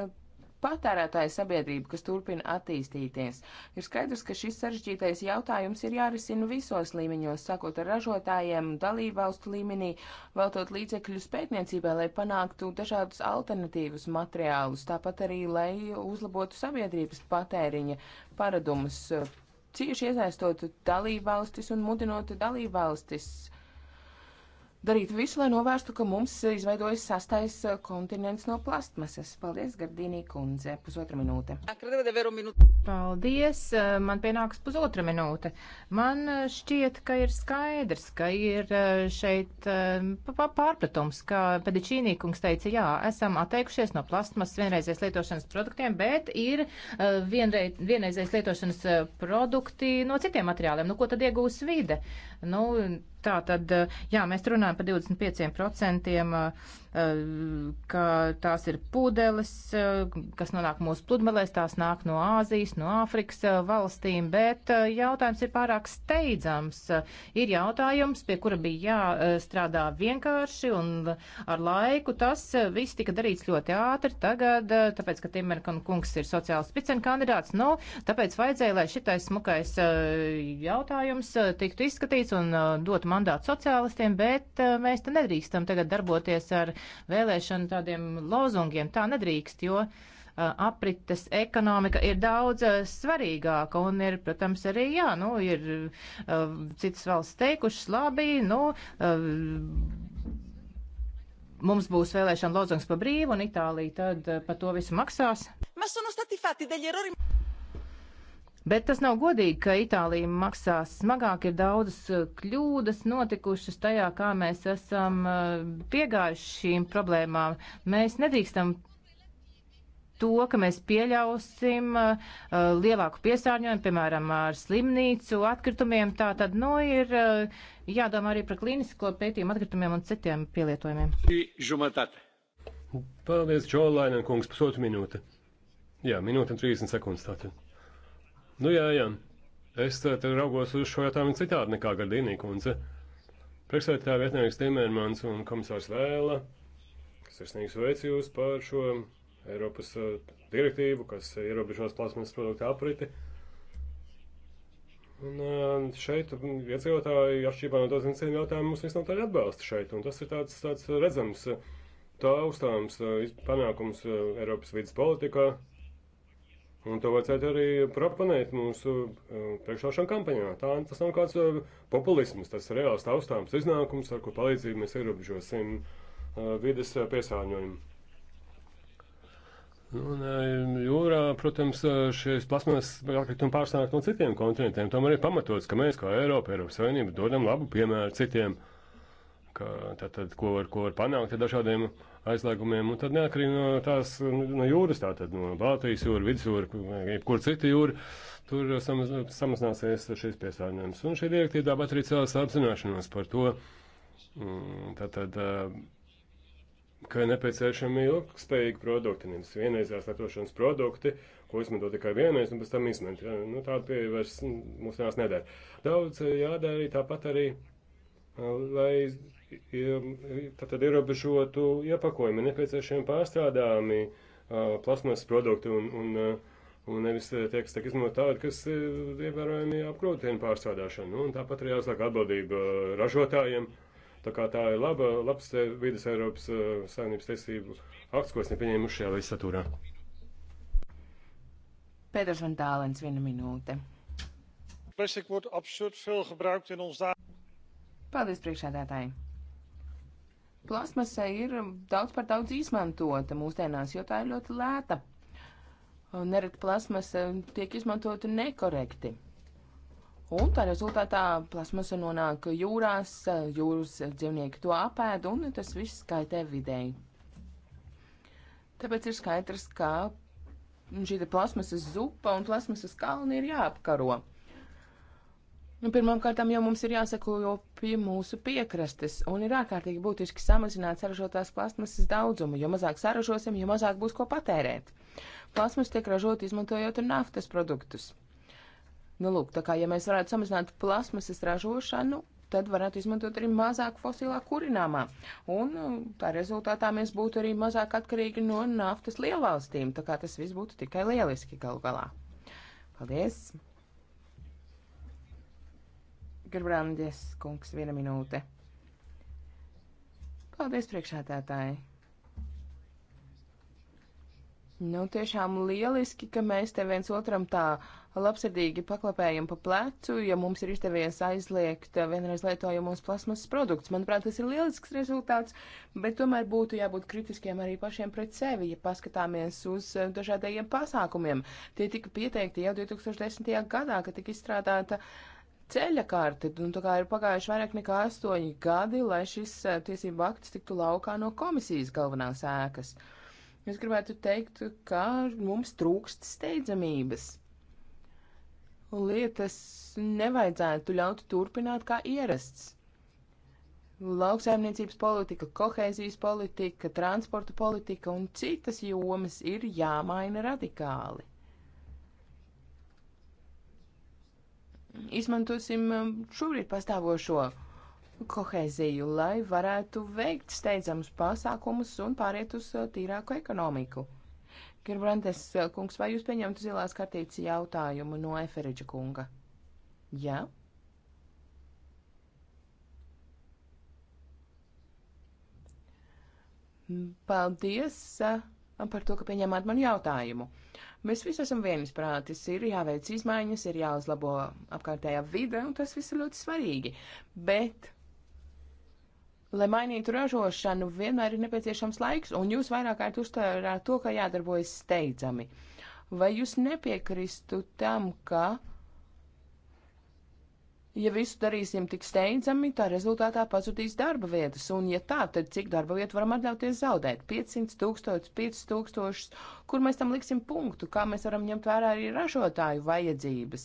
patērētāja sabiedrība, kas turpina attīstīties. Ir skaidrs, ka šis sarežģītais jautājums ir jārisina visos līmeņos, sākot ar ražotājiem, dalībvalstu līmenī, veltot līdzekļus pētniecībai, lai panāktu dažādus alternatīvus materiālus, tāpat arī, lai uzlabotu sabiedrības patēriņa paradumus, cieši iesaistot dalībvalstis un mudinot dalībvalstis darīt visu, lai novērstu, ka mums izveidojas sastais eh, kontinents no plastmasas. Paldies, Gardīnī kundze. Pusotra minūte. Paldies, eh, man pienāks pusotra minūte. Man eh, šķiet, ka ir skaidrs, ka ir šeit pārpratums, ka Pedičīnī kungs teica, jā, esam atteikušies no plastmasas vienreizēs lietošanas produktiem, bet ir vienreiz, vienreizēs lietošanas produkti no citiem materiāliem. Nu, ko tad iegūs vide? Nu, Tā tad, jā, mēs runājam par 25% Eh, ka tās ir pudeles, eh, kas nonāk mūsu pludmelēs, tās nāk no Āzijas, no Āfrikas eh, valstīm, bet jautājums ir pārāk steidzams. Ir jautājums, pie kura bija jāstrādā vienkārši un ar laiku. Tas viss tika darīts ļoti ātri tagad, tāpēc, ka Timerkan kungs ir sociāls spicen kandidāts. Nu, tāpēc vajadzēja, lai šitais smukais jautājums tiktu izskatīts un dot mandātu sociālistiem, bet mēs te nedrīkstam tagad darboties ar vēlēšanu tādiem lozungiem. Tā nedrīkst, jo aprites ekonomika ir daudz svarīgāka un ir, protams, arī, jā, nu, ir citas valsts teikušas labi, nu, mums būs vēlēšana lozungs pa brīvu un Itālija tad par to visu maksās. Bet tas nav godīgi, ka Itālija maksās smagāk, ir daudzas uh, kļūdas notikušas tajā, kā mēs esam uh, piegājuši šīm problēmām. Mēs nedrīkstam to, ka mēs pieļausim uh, uh, lielāku piesārņojumu, piemēram, ar slimnīcu atkritumiem, tā tad, nu, ir uh, jādomā arī par klīnisko pētījumu atkritumiem un citiem pielietojumiem. Paldies, Džolainen kungs, pusotru minūte. Jā, minūte un 30 sekundes tātad. Nu, jā, jā. Es te raugos uz šo jautājumu citādi nekā Gardīnī kundze. Priekšsēdētāja vietnieks Timermans un komisārs Vēla. Sirsnīgs veicu jūs par šo Eiropas uh, direktīvu, kas ierobežos plasmas produktu apriti. Un uh, šeit iedzīvotāji, atšķirībā no daudziem citiem jautājumiem, mums visam tādu atbalstu šeit. Un tas ir tāds, tāds redzams, uh, tā uzstāms panākums Eiropas vidas politikā. Un to vajadzētu arī proponēt mūsu e, priekšāšana kampaņā. Tā tas nav kāds e, populisms, tas ir reāls taustāms iznākums, ar ko palīdzību mēs ierobežosim e, vides piesārņojumu. Nu, un jūrā, protams, šīs plasmas atkritumi pārstāvāk no citiem kontinentiem. Tomēr ir pamatots, ka mēs, kā Eiropa, Eiropas Savienība, dodam labu piemēru citiem, ka, tad, tad, ko, var, ko var panākt ar dažādiem uh, aizliegumiem, un tad neatkarīgi no tās no jūras, tātad no Baltijas jūra, vidusjūra, jebkur cita jūra, tur samaz, samazināsies šīs piesārņojums. Un šī direktīva tāpat arī cēlās apzināšanos par to, mm, tātad, ka nepieciešami ilgspējīgi produkti, nevis vienreizās lietošanas produkti, ko izmanto tikai vienreiz, un pēc tam izmet. Ja? Nu, tāda pieeja vairs mūsdienās nedara. Daudz jādara arī tāpat arī, lai tātad ierobežotu iepakojumu, nepieciešami pārstrādājumi plasmas produkti un, un, un nevis tiek, tiek izmantot tādi, kas ievērojami apgrūtina pārstrādāšanu. Nu, un tāpat arī jāuzliek atbildība ražotājiem. Tā kā tā ir laba, labs vidas Eiropas saimnības tiesību akts, ko esam pieņēmuši šajā līdzsaturā. Pēters un Tālens, viena minūte. Plastik wordt absurd veel gebruikt in ons dagelijks. Paldies, priekšsēdētāji! plasmasa ir daudz par daudz izmantota mūsdienās, jo tā ir ļoti lēta. Nereti plasmasa tiek izmantota nekorekti. Un tā rezultātā plasmasa nonāk jūrās, jūras dzīvnieki to apēd, un tas viss kaitē videi. Tāpēc ir skaidrs, ka šī plasmasas zupa un plasmasas kalni ir jāapkaro. Nu, Pirmkārt, jau mums ir jāseko pie mūsu piekrastes, un ir ārkārtīgi būtiski samazināt saražotās plasmasas daudzumu. Jo mazāk saražosim, jo mazāk būs ko patērēt. Plasmas tiek ražot izmantojot naftas produktus. Nu, lūk, tā kā ja mēs varētu samazināt plasmasas ražošanu, tad varētu izmantot arī mazāk fosilā kurināmā. Un nu, tā rezultātā mēs būtu arī mazāk atkarīgi no naftas lielvalstīm. Tā kā tas viss būtu tikai lieliski galu galā. Paldies! Gerbrandes kungs, viena minūte. Paldies, priekšētētāji! Nu, tiešām lieliski, ka mēs te viens otram tā labsirdīgi paklapējam pa plecu, ja mums ir izdevies aizliegt eh, vienreiz lietojamos plasmasas produktus. Manuprāt, tas ir lielisks rezultāts, bet tomēr būtu jābūt kritiskiem arī pašiem pret sevi, ja paskatāmies uz eh, dažādajiem pasākumiem. Tie tika pieteikti jau 2010. gadā, kad tika izstrādāta uh, ceļa karti. Nu, tā kā ir pagājuši vairāk nekā astoņi gadi, lai šis eh, tiesību akts tiktu laukā no komisijas galvenās ēkas. Es gribētu teikt, ka mums trūkst steidzamības. Lietas nevajadzētu ļaut turpināt kā ierasts. Lauksaimniecības politika, kohēzijas politika, transporta politika un citas jomas ir jāmaina radikāli. izmantosim um, šobrīd pastāvošo kohēziju, lai varētu veikt steidzamus pasākumus un pāriet uz uh, tīrāku ekonomiku. Girbrandes uh, kungs, vai jūs pieņemtu zilās kartītes jautājumu no Eferidža kunga? Jā. Ja? Mm, paldies! Uh, par to, ka pieņēmāt manu jautājumu. Mēs visi esam viensprātis, ir jāveic izmaiņas, ir jāuzlabo apkārtējā vide, un tas viss ir ļoti svarīgi. Bet, lai mainītu ražošanu, vienmēr ir nepieciešams laiks, un jūs vairāk kārt uztvērāt to, ka jādarbojas steidzami. Vai jūs nepiekristu tam, ka Ja visu darīsim tik steidzami, tā rezultātā pazudīs darba vietas, un ja tā, tad cik darba vietu varam atļauties zaudēt? 500, 1000, 5000, kur mēs tam liksim punktu, kā mēs varam ņemt vērā arī ražotāju vajadzības,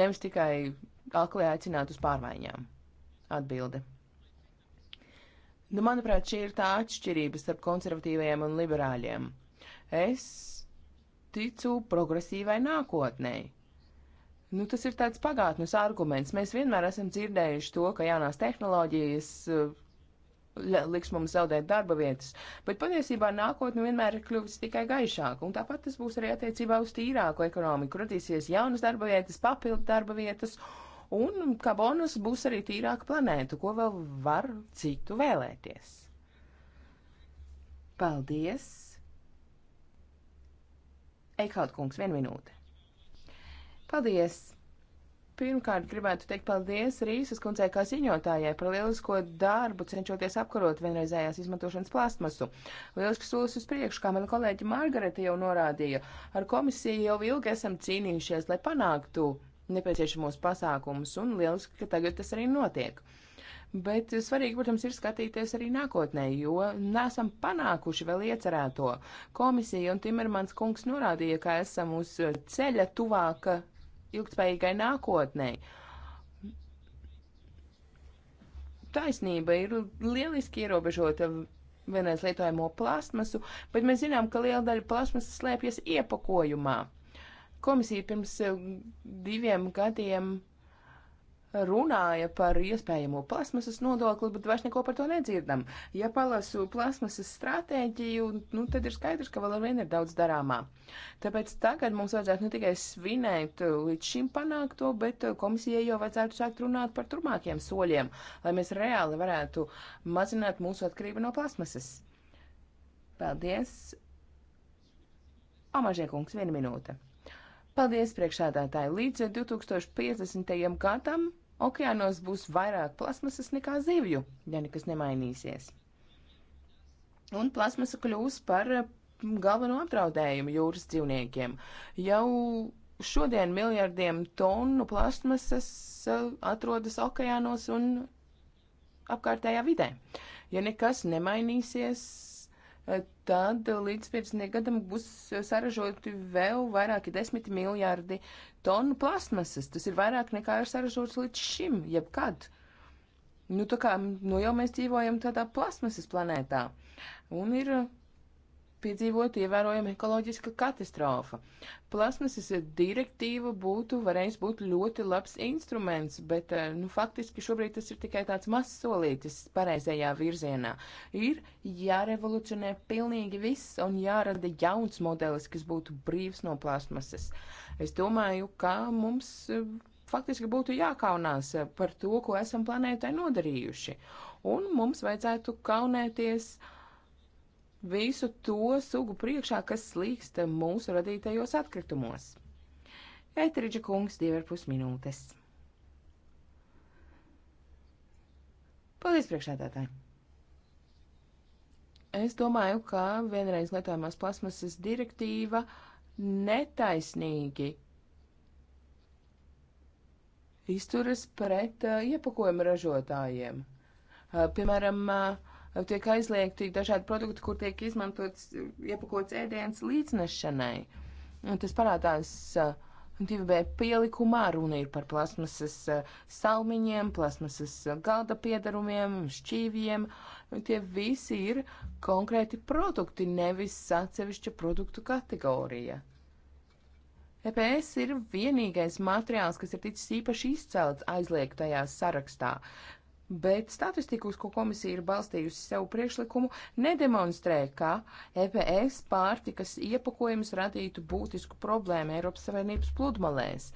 nevis tikai aklē aicināt uz pārmaiņām. Atbilde. Nu, manuprāt, šī ir tā atšķirība starp konservatīvajiem un liberāļiem. Es ticu progresīvai nākotnēji Nu, tas ir tāds pagātnes arguments. Mēs vienmēr esam dzirdējuši to, ka jaunās tehnoloģijas uh, liks mums zaudēt darba vietas, bet patiesībā nākotne vienmēr ir kļuvusi tikai gaišāka, un tāpat tas būs arī attiecībā uz tīrāku ekonomiku. Radīsies jaunas darba vietas, papildu darba vietas, un kā bonus būs arī tīrāka planēta, ko vēl var citu vēlēties. Paldies! Eikaut kungs, viena minūte. Paldies! Pirmkārt, gribētu teikt paldies Rīsas kundzei kā ziņotājai par lielisko darbu, cenšoties apkarot vienreizējās izmantošanas plastmasu. Lielisks solis uz priekšu, kā mana kolēģi Margareta jau norādīja. Ar komisiju jau ilgi esam cīnījušies, lai panāktu nepieciešamos pasākumus, un lieliski, ka tagad tas arī notiek. Bet svarīgi, protams, ir skatīties arī nākotnē, jo nesam panākuši vēl iecerēto. Komisija un Timermans kungs norādīja, ka esam uz ceļa tuvāka ilgtspējīgai nākotnei. Taisnība ir lieliski ierobežota vienreiz lietojamo plasmasu, bet mēs zinām, ka liela daļa plasmasas slēpjas iepakojumā. Komisija pirms eh, diviem gadiem runāja par iespējamo plasmasas nodokli, bet vairs neko par to nedzirdam. Ja palasu plasmasas stratēģiju, nu, tad ir skaidrs, ka vēl ar vienu ir daudz darāmā. Tāpēc tagad mums vajadzētu ne tikai svinēt līdz šim panākto, bet komisijai jau vajadzētu sākt runāt par turmākiem soļiem, lai mēs reāli varētu mazināt mūsu atkarību no plasmasas. Paldies! Amažie kungs, viena minūte. Paldies priekšādātāji. Līdz 2050. gadam Okeānos būs vairāk plasmasas nekā zivju, ja nekas nemainīsies. Un plasmasa kļūs par eh, galveno apdraudējumu jūras dzīvniekiem. Jau šodien miljardiem tonu plasmasas eh, atrodas okeānos un apkārtējā vidē. Ja nekas nemainīsies, eh, tad līdz 50 gadam būs saražoti vēl vairāki desmit miljardi tonu plastmasas. Tas ir vairāk nekā ir saražots līdz šim, jebkad. Nu, tā kā nu, jau mēs dzīvojam tādā plastmasas planētā. Un ir piedzīvot ievērojama ekoloģiska katastrofa. Plasmasas direktīva būtu varējis būt ļoti labs instruments, bet eh, nu, faktiski šobrīd tas ir tikai tāds mazs solītis pareizajā virzienā. Ir jārevolucionē pilnīgi viss un jārada jauns modelis, kas būtu brīvs no plasmasas. Es domāju, ka mums eh, faktiski būtu jākaunās par to, ko esam planētai nodarījuši. Un mums vajadzētu kaunēties uh, visu to sugu priekšā, kas slīkst mūsu radītajos atkritumos. Etriģa kungs, divi ar pus minūtes. Paldies, priekšādātāji! Es domāju, ka vienreiz lietojamās plasmasas direktīva netaisnīgi izturas pret uh, iepakojuma ražotājiem. Uh, piemēram, uh, tiek aizliegti dažādi produkti, kur tiek izmantots iepakots ēdiens līdznešanai. Un tas parādās uh, 2B pielikumā runa ir par plasmasas uh, salmiņiem, plasmasas uh, galda piedarumiem, šķīvjiem. Tie visi ir konkrēti produkti, nevis atsevišķa produktu kategorija. EPS ir vienīgais materiāls, kas ir ticis īpaši izcelts aizliegtajā sarakstā bet statistika, uz ko komisija ir balstījusi sev priekšlikumu, nedemonstrē, ka EPS pārtikas iepakojums radītu būtisku problēmu Eiropas Savienības pludmalēs.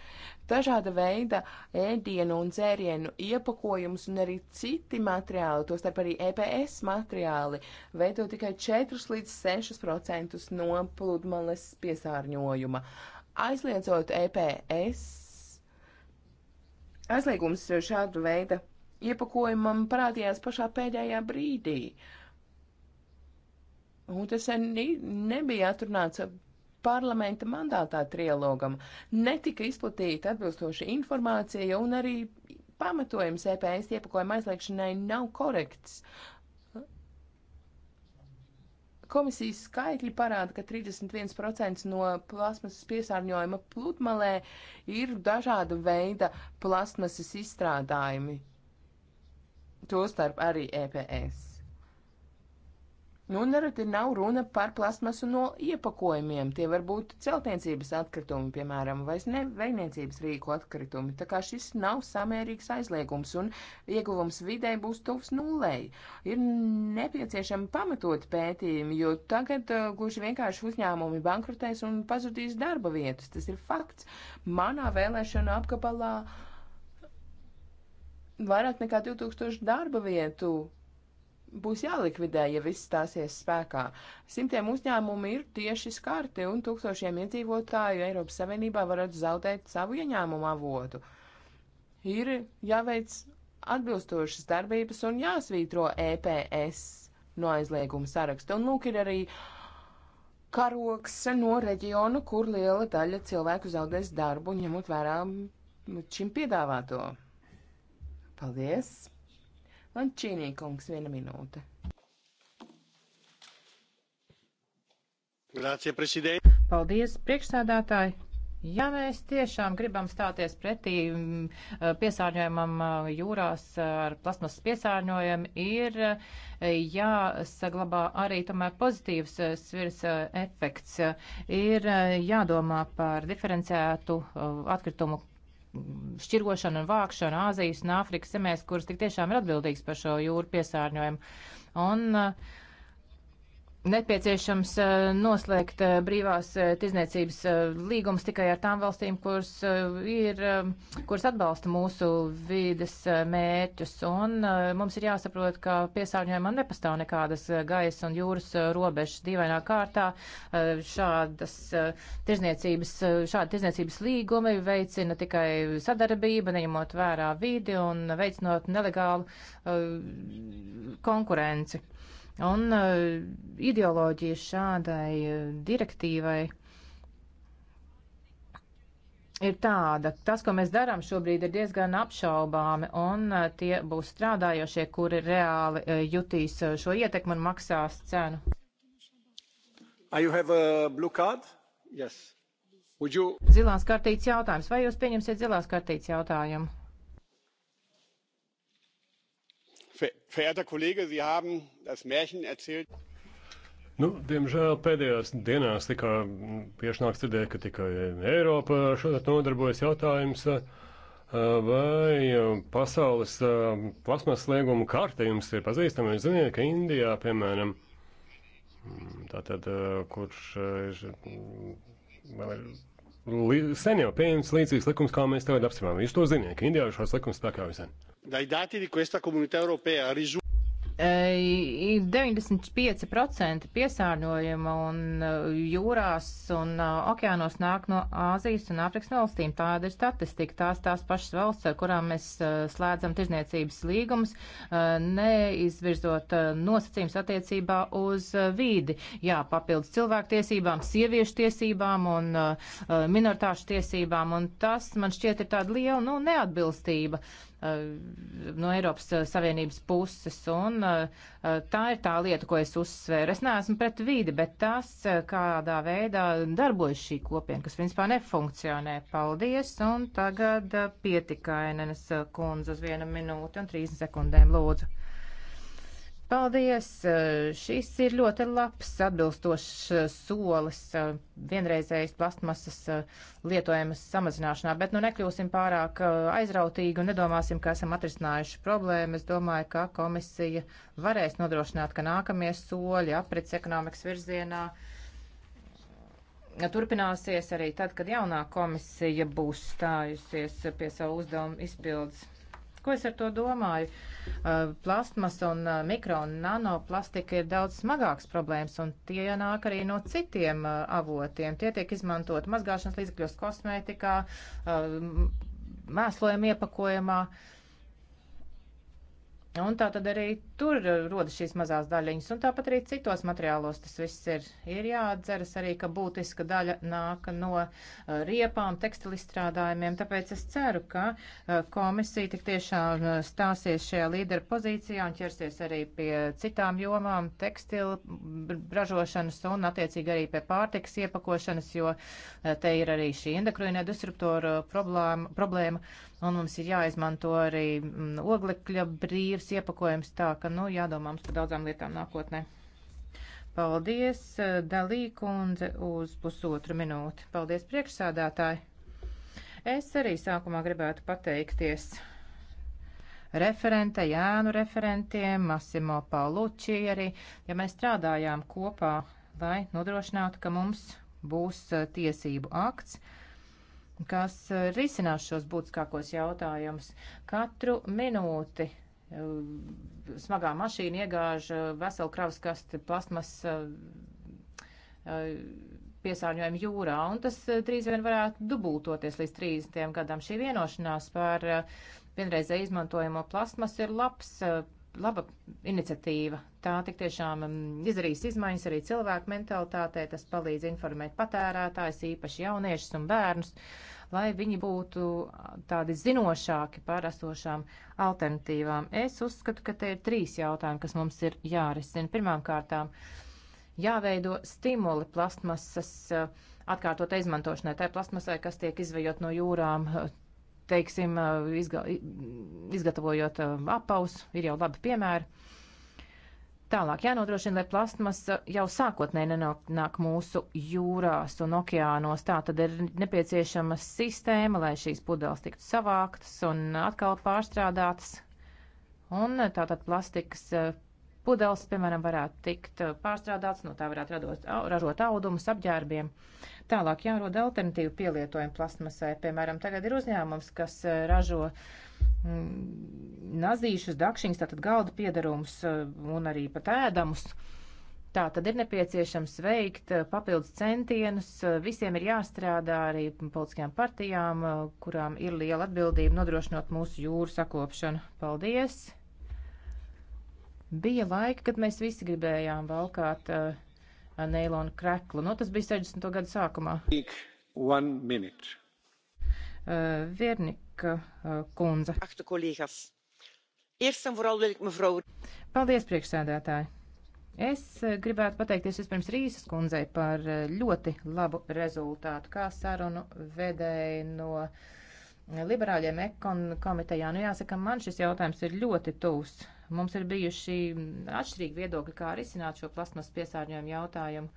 Dažāda veida ēdienu un dzērienu iepakojums un arī citi materiāli, tostarp arī EPS materiāli, veido tikai 4 līdz 6% no pludmales piesārņojuma. Aizliedzot EPS, aizliegums šādu veidu iepakojumam parādījās pašā pēdējā brīdī. Un tas nebija atrunāts parlamenta mandātā trilogam. Netika izplatīta atbilstoša informācija un arī pamatojums EPS iepakojuma aizliekšanai nav korekts. Komisijas skaitļi parāda, ka 31% no plasmasas piesārņojuma pludmalē ir dažāda veida plasmasas izstrādājumi tostarp arī EPS. Nu, nereti nav runa par plasmasu no iepakojumiem. Tie var būt celtniecības atkritumi, piemēram, vai ne veiniecības rīku atkritumi. Tā kā šis nav samērīgs aizliegums un ieguvums vidē būs tuvs nulēji. Ir nepieciešami pamatot pētījumi, jo tagad uh, gluži vienkārši uzņēmumi bankrotēs un pazudīs darba vietas. Tas ir fakts. Manā vēlēšana apgabalā. Uh, vairāk nekā 2000 darba vietu būs jālikvidē, ja viss stāsies spēkā. Simtiem uzņēmumu ir tieši skarti, un tūkstošiem iedzīvotāju Eiropas Savienībā varētu zaudēt savu ieņēmumu avotu. Ir jāveic atbilstošas darbības un jāsvītro EPS no aizlieguma saraksta. Un lūk, ir arī karoks no reģionu, kur liela daļa cilvēku zaudēs darbu, ņemot vērā šim piedāvāto. Paldies! Man čīnīkums viena minūte. Grācie, prezident! Paldies, priekšsēdētāji! Ja mēs tiešām gribam stāties pretī mm, piesārņojumam jūrās ar plasmas piesārņojumu, ir jāsaglabā arī tomēr pozitīvs svirs efekts. Ir jādomā par diferenciētu atkritumu šķirgošanu un vākšanu Āzijas un Āfrikas zemēs, kuras tik tiešām ir atbildīgas par šo jūru piesārņojumu. Un uh, nepieciešams eh, noslēgt eh, brīvās eh, tirzniecības līgums tikai ar tām valstīm, kuras, ir, kuras atbalsta mūsu vīdes mērķus. Un mums ir jāsaprot, ka piesārņojumam nepastāv nekādas gaisa un jūras robežas. Dīvainā kārtā šādas tirzniecības, šādi tirzniecības līgumi veicina tikai sadarbību, neņemot vērā vīdi un veicinot nelegālu konkurenci. Un eh, ideoloģija šādai eh, direktīvai ir tāda. Tas, ko mēs darām šobrīd, ir diezgan apšaubāmi, un eh, tie būs strādājošie, kuri reāli jutīs šo ietekmu un maksās cenu. Yes. You... Zilās kartītes jautājums. Vai jūs pieņemsiet zilās kartītes jautājumu? verehrter Kollege, Sie haben das Märchen erzählt. Nu, diemžēl pēdējās dienās tika mm, piešnāks dzirdēt, ka tikai Eiropa šodien nodarbojas jautājums, eh, vai eh, pasaules eh, plasmas lieguma karte jums ir pazīstama. Jūs ziniet, ka Indijā, piemēram, mm, tātad, kurš ir mm, sen jau pieņemts līdzīgs likums, kā mēs tagad apstāvam. Jūs to ziniet, ka Indijā ir šāds likums tā kā visiem. Dai dati di questa comunità europea risulta. 95% piesārņojuma un e, jūrās un e, okeānos nāk no Āzijas un Āfrikas valstīm. Tāda ir statistika. Tās tās pašas valsts, ar kurām mēs e, slēdzam tirzniecības līgumus, neizvirzot nosacījums attiecībā uz vīdi. Jā, papildus cilvēktiesībām, sieviešu tiesībām un minoritāšu tiesībām. Un tas man šķiet ir tāda liela nu, neatbilstība. Uh, no Eiropas eh, Savienības puses, un eh, eh, tā ir tā lieta, ko es uzsvēru. Es neesmu pret vīdi, bet tas, kādā veidā darbojas šī kopiena, kas principā nefunkcionē. Paldies, un tagad pietikainenes kundze uz vienu minūti un trīs sekundēm lūdzu. Paldies! Šis ir ļoti labs atbilstošs solis vienreizējas plastmasas lietojumas samazināšanā, bet nu nekļūsim pārāk aizrautīgi un nedomāsim, ka esam atrisinājuši problēmu. Es domāju, ka komisija varēs nodrošināt, ka nākamie soļi aprits ekonomikas virzienā turpināsies arī tad, kad jaunā komisija būs stājusies pie savu uzdevumu izpildes. Ko es ar to domāju? Eh, Plastmas un eh, mikro un nanoplastika ir daudz smagāks problēmas, un tie nāk arī no citiem eh, avotiem. Tie tiek izmantot mazgāšanas līdzekļos, kosmētikā, mēslojuma iepakojumā. Uh, Un tā tad arī tur uh, rodas šīs mazās daļiņas, un tāpat arī citos materiālos tas viss ir. Ir jāatceras arī, ka būtiska daļa nāk no uh, riepām, tekstilizstrādājumiem, tāpēc es ceru, ka uh, komisija tik tiešām stāsies šajā līdera pozīcijā un ķersies arī pie citām jomām - tekstila ražošanas un attiecīgi arī pie pārtikas iepakošanas, jo te ir arī šī endokrīnē disruptora problēma. problēma un mums ir jāizmanto arī mm, oglekļa brīvs iepakojums, tā ka, nu, jādomā mums par daudzām lietām nākotnē. Paldies, eh, Dalī kundze, uz pusotru minūti. Paldies, priekšsādātāji. Es arī sākumā gribētu pateikties referente, Jānu referentiem, Masimo Paulucci arī, ja mēs strādājām kopā, lai nodrošinātu, ka mums būs eh, tiesību akts, kas eh, risinās šos būtiskākos jautājumus. Katru minūti eh, smagā mašīna iegāž eh, veselu kravas kasti plasmas piesārņojumu jūrā, un tas drīz vien varētu dubultoties līdz 30. gadam. Šī vienošanās par vienreizē izmantojamo plasmasu ir labs, laba iniciatīva, tā tik tiešām um, izdarīs izmaiņas arī cilvēku mentalitātē, tas palīdz informēt patērētājs, īpaši jauniešus un bērnus, lai viņi būtu tādi zinošāki par esošām alternatīvām. Es uzskatu, ka te ir trīs jautājumi, kas mums ir jārisina. Pirmām kārtām jāveido stimuli plastmasas atkārtot izmantošanai, tai plastmasai, kas tiek izvejot no jūrām, teiksim, izga izgatavojot apaus, ir jau labi piemēri Tālāk jānodrošina, lai plastmasa jau sākotnēji nenonāk mūsu jūrās un okeānos. Tā tad ir nepieciešama sistēma, lai šīs pudeles tiktu savāktas un atkal pārstrādātas. Un tātad plastikas eh, pudeles, piemēram, varētu tikt eh, pārstrādāts, no tā varētu radot, ražot audumus, apģērbiem. Tālāk jāroda alternatīva pielietojuma plastmasai. Piemēram, tagad ir uzņēmums, kas eh, ražo uh, Mm, nazīšus, dakšiņus, tātad galda piedarums eh, un arī pat ēdamus. Tā tad ir nepieciešams veikt eh, papildus centienus. Eh, visiem ir jāstrādā arī politiskajām partijām, kurām ir liela atbildība nodrošinot mūsu jūru sakopšanu. Paldies! Bija laika, kad mēs visi gribējām valkāt uh, neilonu kreklu. No nu, tas bija 60. gadu sākumā. Uh, Viernik Rubika eh, kundze. Aktu kolēgas. Irsam Vraulik Mavrau. Paldies, priekšsēdētāji. Es eh, gribētu pateikties vispirms Rīsas kundzei par eh, ļoti labu rezultātu, kā sarunu vedēji no liberāļiem ekon komitejā. Nu, jāsaka, man šis jautājums ir ļoti tūs. Mums ir bijuši mm, atšķirīgi viedokļi, kā risināt šo plasmas piesārņojumu jautājumu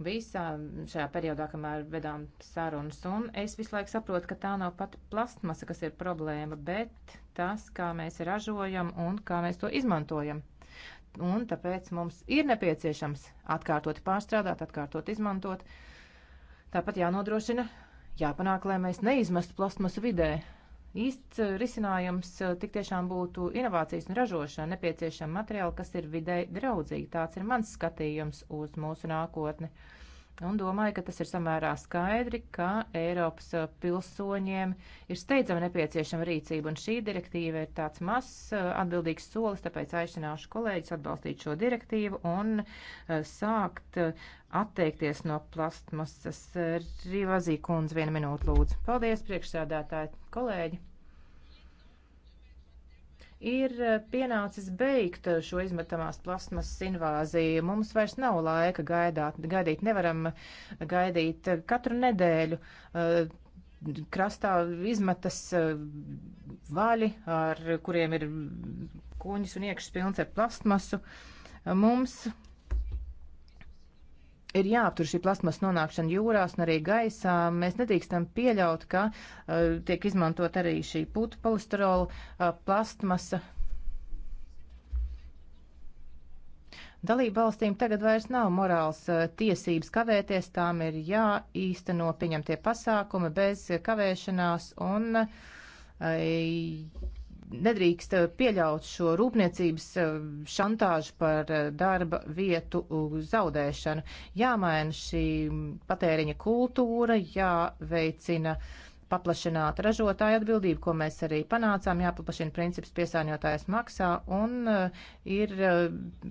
visā šajā periodā, kamēr vedām sarunas, un es visu laiku saprotu, ka tā nav pat plastmasa, kas ir problēma, bet tas, kā mēs ražojam un kā mēs to izmantojam. Un tāpēc mums ir nepieciešams atkārtot pārstrādāt, atkārtot izmantot. Tāpat jānodrošina, jāpanāk, lai mēs neizmestu plastmasu vidē, Īsts eh, risinājums eh, tik tiešām būtu inovācijas un ražošana, nepieciešama materiāla, kas ir videi draudzīgi. Tāds ir mans skatījums uz mūsu nākotni. Uh, Un domāju, ka tas ir samērā skaidri, ka Eiropas uh, pilsoņiem ir steidzami nepieciešama rīcība, un šī direktīva ir tāds mazs uh, atbildīgs solis, tāpēc aicināšu kolēģis atbalstīt šo direktīvu un uh, sākt atteikties no plastmasas. Rivazī kundze, viena minūte lūdzu. Paldies, priekšsēdētāji, kolēģi! ir eh, pienācis beigt eh, šo izmetamās plasmasas invāziju. Mums vairs nav laika gaidāt, gaidīt, nevaram eh, gaidīt katru nedēļu. Krastā izmetas vaļi, ar kuriem ir kuņas un iekšas pilns ar plastmasu. Mums ir jāaptur šī plasmas nonākšana jūrās un arī gaisā. Mēs nedrīkstam pieļaut, ka uh, tiek izmantot arī šī putu polisterola uh, plastmasa. Dalību valstīm tagad vairs nav morāls uh, tiesības kavēties, tām ir jāīsteno pieņemtie pasākumi bez kavēšanās un uh, nedrīkst eh, pieļaut šo rūpniecības eh, šantāžu par eh, darba vietu zaudēšanu. Jāmaina šī patēriņa kultūra, jāveicina paplašināta ražotāja atbildība, ko mēs arī panācām, jāpaplašina princips piesārņotājs maksā, un uh, ir uh,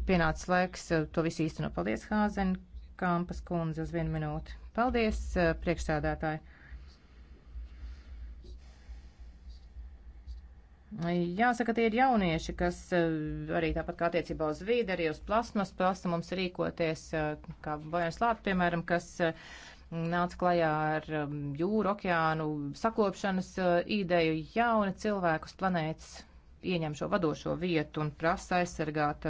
pienācis laiks uh, to visu īstenot. Paldies, Hāzen, Kampas kundze, uz vienu minūti. Paldies, uh, priekšsādātāji! Jāsaka, tie ir jaunieši, kas eh, arī tāpat kā attiecībā uz vīdi, arī uz plasmas, plasta mums rīkoties, eh, kā Bojans Lāp, piemēram, kas eh, nāca klajā ar um, jūru, okeānu sakopšanas ideju jauni cilvēku uz planētas ieņem šo vadošo vietu un prasa aizsargāt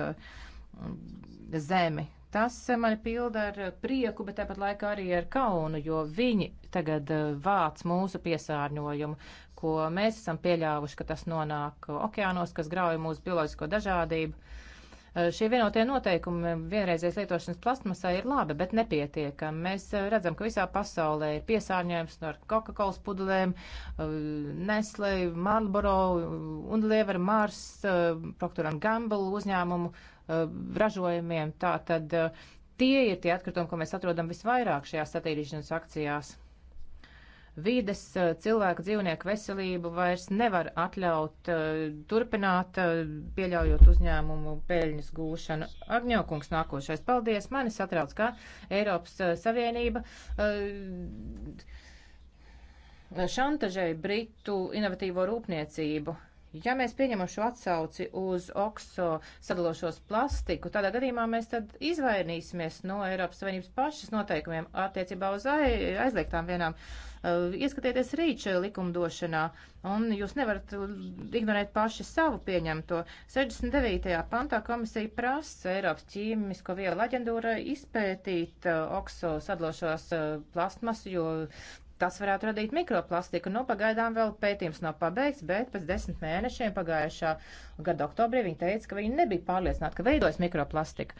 zemi Tas mani pilda ar prieku, bet tāpat laikā arī ar kaunu, jo viņi tagad eh, vāc mūsu piesārņojumu, ko mēs esam pieļāvuši, ka tas nonāk okeānos, kas grauj mūsu bioloģisko dažādību. Eh, šie vienotie noteikumi vienreizējas lietošanas plastmasai ir labi, bet nepietiekami. Mēs eh, redzam, ka visā pasaulē ir piesārņojums no Coca-Cola pudelēm, Nestle, Marlboro un Liever Mars, Procter Gamble uzņēmumu Eh, ražojumiem. Tā tad eh, tie ir tie atkritumi, ko mēs atrodam visvairāk šajās satīrīšanas akcijās. Vides, eh, cilvēka, dzīvnieku veselību vairs nevar atļaut turpināt, pieļaujot uzņēmumu peļņas gūšanu. Agņokungs nākošais. Paldies! Mani satrauc, kā Eiropas Savienība šantažē Britu inovatīvo rūpniecību Ja mēs pieņemam šo atsauci uz okso sadalošos plastiku, tādā gadījumā mēs tad izvairīsimies no Eiropas Savienības pašas noteikumiem attiecībā uz aizliegtām vienām. Uh, ieskatieties rīča likumdošanā, un jūs nevarat uh, ignorēt paši savu pieņemto. 69. pantā komisija prasa Eiropas ķīmisko vielu aģentūrai izpētīt uh, okso sadalošos plastmasu, jo Tas varētu radīt mikroplastiku. Nu, pagaidām vēl pētījums nav pabeigts, bet pēc desmit mēnešiem pagājušā gada oktobrī viņi teica, ka viņi nebija pārliecināti, ka veidojas mikroplastika.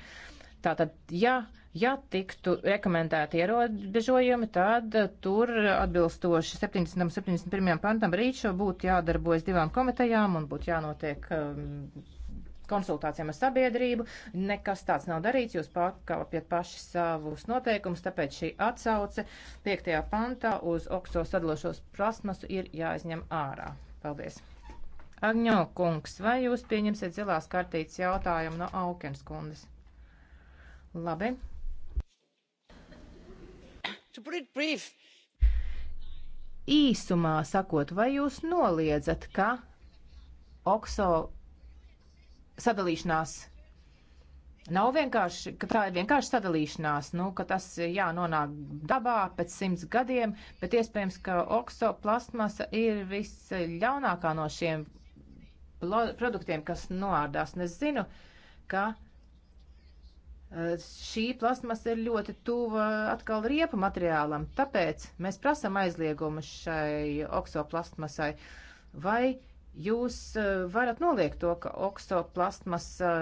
Tātad, ja, ja tiktu rekomendēti ierobežojumi, tad eh, tur atbilstoši 70. un 71. pantam rīčo būtu jādarbojas divām komitejām un būtu jānotiek um, konsultācijām ar sabiedrību. Nekas tāds nav darīts, jūs pārkāpjat paši savus noteikumus, tāpēc šī atsauce 5. pantā uz okso sadalošos plasmasu ir jāizņem ārā. Paldies! Agņo kungs, vai jūs pieņemsiet zilās kartītes jautājumu no Aukens kundas? Labi. Īsumā sakot, vai jūs noliedzat, ka okso sadalīšanās. Nav vienkārši, ka tā ir vienkārši sadalīšanās, nu, ka tas jānonāk dabā pēc simts gadiem, bet iespējams, ka oksoplastmasa ir visļaunākā no šiem produktiem, kas noārdās. Un es zinu, ka e, šī plastmasa ir ļoti tuva atkal riepa materiālam, tāpēc mēs prasam aizliegumu šai oksoplastmasai. Vai Jūs eh, varat noliegt to, ka oksoplastmas eh,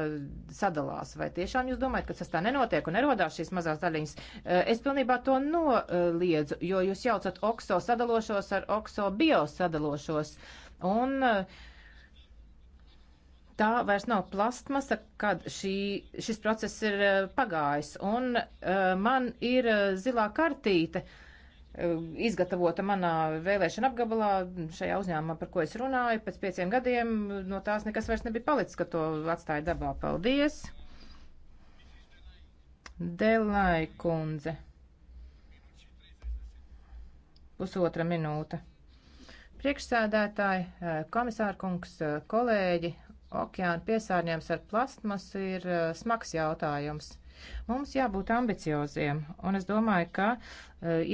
sadalās, vai tiešām jūs domājat, ka tas tā nenotiek un nerodās šīs mazās daļiņas? Eh, es pilnībā to noliedzu, jo jūs jaucat okso sadalošos ar okso biosadalošos. Un tā vairs nav plastmasa, kad šī, šis process ir pagājis. Un man ir zilā kartīte. Uh, Eh, izgatavota manā vēlēšana apgabalā, šajā uzņēmumā, par ko es runāju. Pēc pieciem gadiem eh, no tās nekas vairs nebija palicis, ka to atstāja dabā. Paldies! Delai kundze. Pusotra minūte. Priekšsēdētāji, eh, komisārkungs, kolēģi, okeāna piesārņojums ar plastmasu ir smags jautājums. Mums jābūt ambicioziem, un es domāju, ka uh,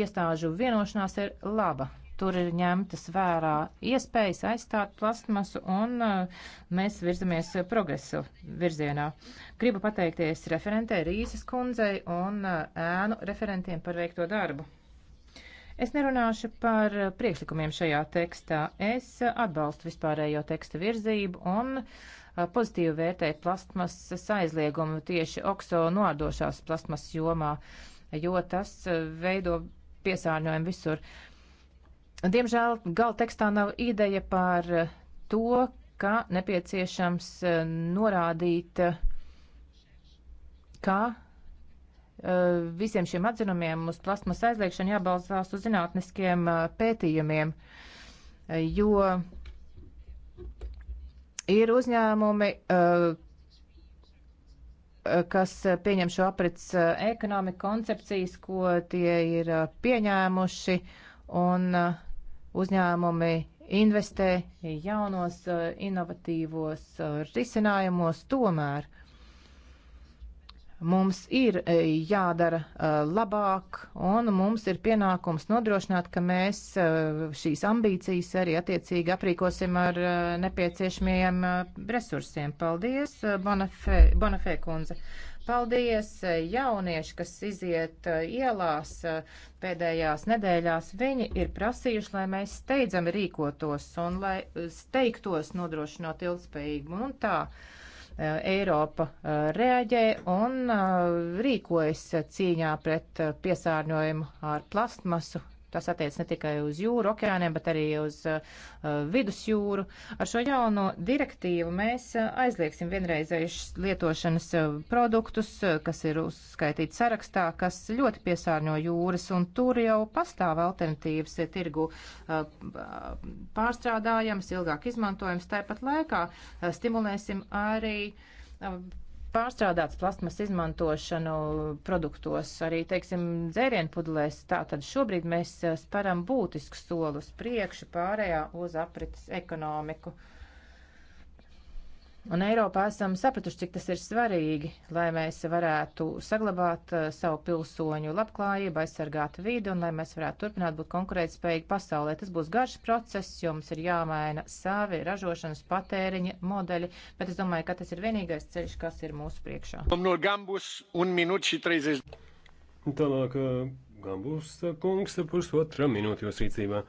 iestāžu vienošanās ir laba. Tur ir ņemtas vērā iespējas aizstāt plasmasu, un uh, mēs virzamies progresu virzienā. Gribu pateikties referentē Rīzes kundzei un uh, ēnu referentiem par veikto darbu. Es nerunāšu par priekšlikumiem šajā tekstā. Es atbalstu vispārējo teksta virzību un uh, pozitīvi vērtēt plastmasas aizliegumu tieši okso noārdošās plastmasas jomā, jo tas veido piesārņojumu visur. Diemžēl gala tekstā nav ideja par to, ka nepieciešams norādīt, ka visiem šiem atzinumiem uz plasmas aizliekšanu jābalstās uz zinātniskiem pētījumiem, jo Ir uzņēmumi, eh, eh, kas pieņem šo aprits eh, ekonomiku koncepcijas, ko tie ir pieņēmuši, un uzņēmumi investē jaunos inovatīvos risinājumos tomēr. Mums ir e, jādara e, labāk, un mums ir pienākums nodrošināt, ka mēs e, šīs ambīcijas arī attiecīgi aprīkosim ar nepieciešamajiem resursiem. Paldies, Bonafē, Bonafē kundze! Paldies jaunieši, kas iziet ielās pēdējās nedēļās. Viņi ir prasījuši, lai mēs steidzami rīkotos un lai steigtos nodrošinot ilgspējīgumu. Un tā Eh, Eiropa eh, reaģē un eh, rīkojas cīņā pret piesārņojumu ar plastmasu, Tas attiec ne tikai uz jūru, okeāniem, bet arī uz uh, vidusjūru. Ar šo jauno direktīvu mēs uh, aizliegsim vienreizējušas lietošanas uh, produktus, uh, kas ir uzskaitīti sarakstā, kas ļoti piesārņo jūras, un tur jau pastāv alternatīvas ja uh, tirgu uh, pārstrādājams, ilgāk izmantojams. Tāpat laikā uh, stimulēsim arī. Uh, pārstrādāts plasmas izmantošanu produktos, arī, teiksim, dzērienu pudelēs. Tātad šobrīd mēs eh, sparam būtisku solus priekšu pārējā uz aprites ekonomiku. Uh, Un Eiropā esam sapratuši, cik tas ir svarīgi, lai mēs varētu saglabāt uh, savu pilsoņu labklājību, aizsargāt vidi un lai mēs varētu turpināt būt konkurētspējīgi pasaulē. Tas būs garš process, jums ir jāmaina savi ražošanas patēriņa modeļi, bet es domāju, ka tas ir vienīgais ceļš, kas ir mūsu priekšā. Tālāk, eh, Gambus eh, kungs, pusotra minūte jūs rīcībā.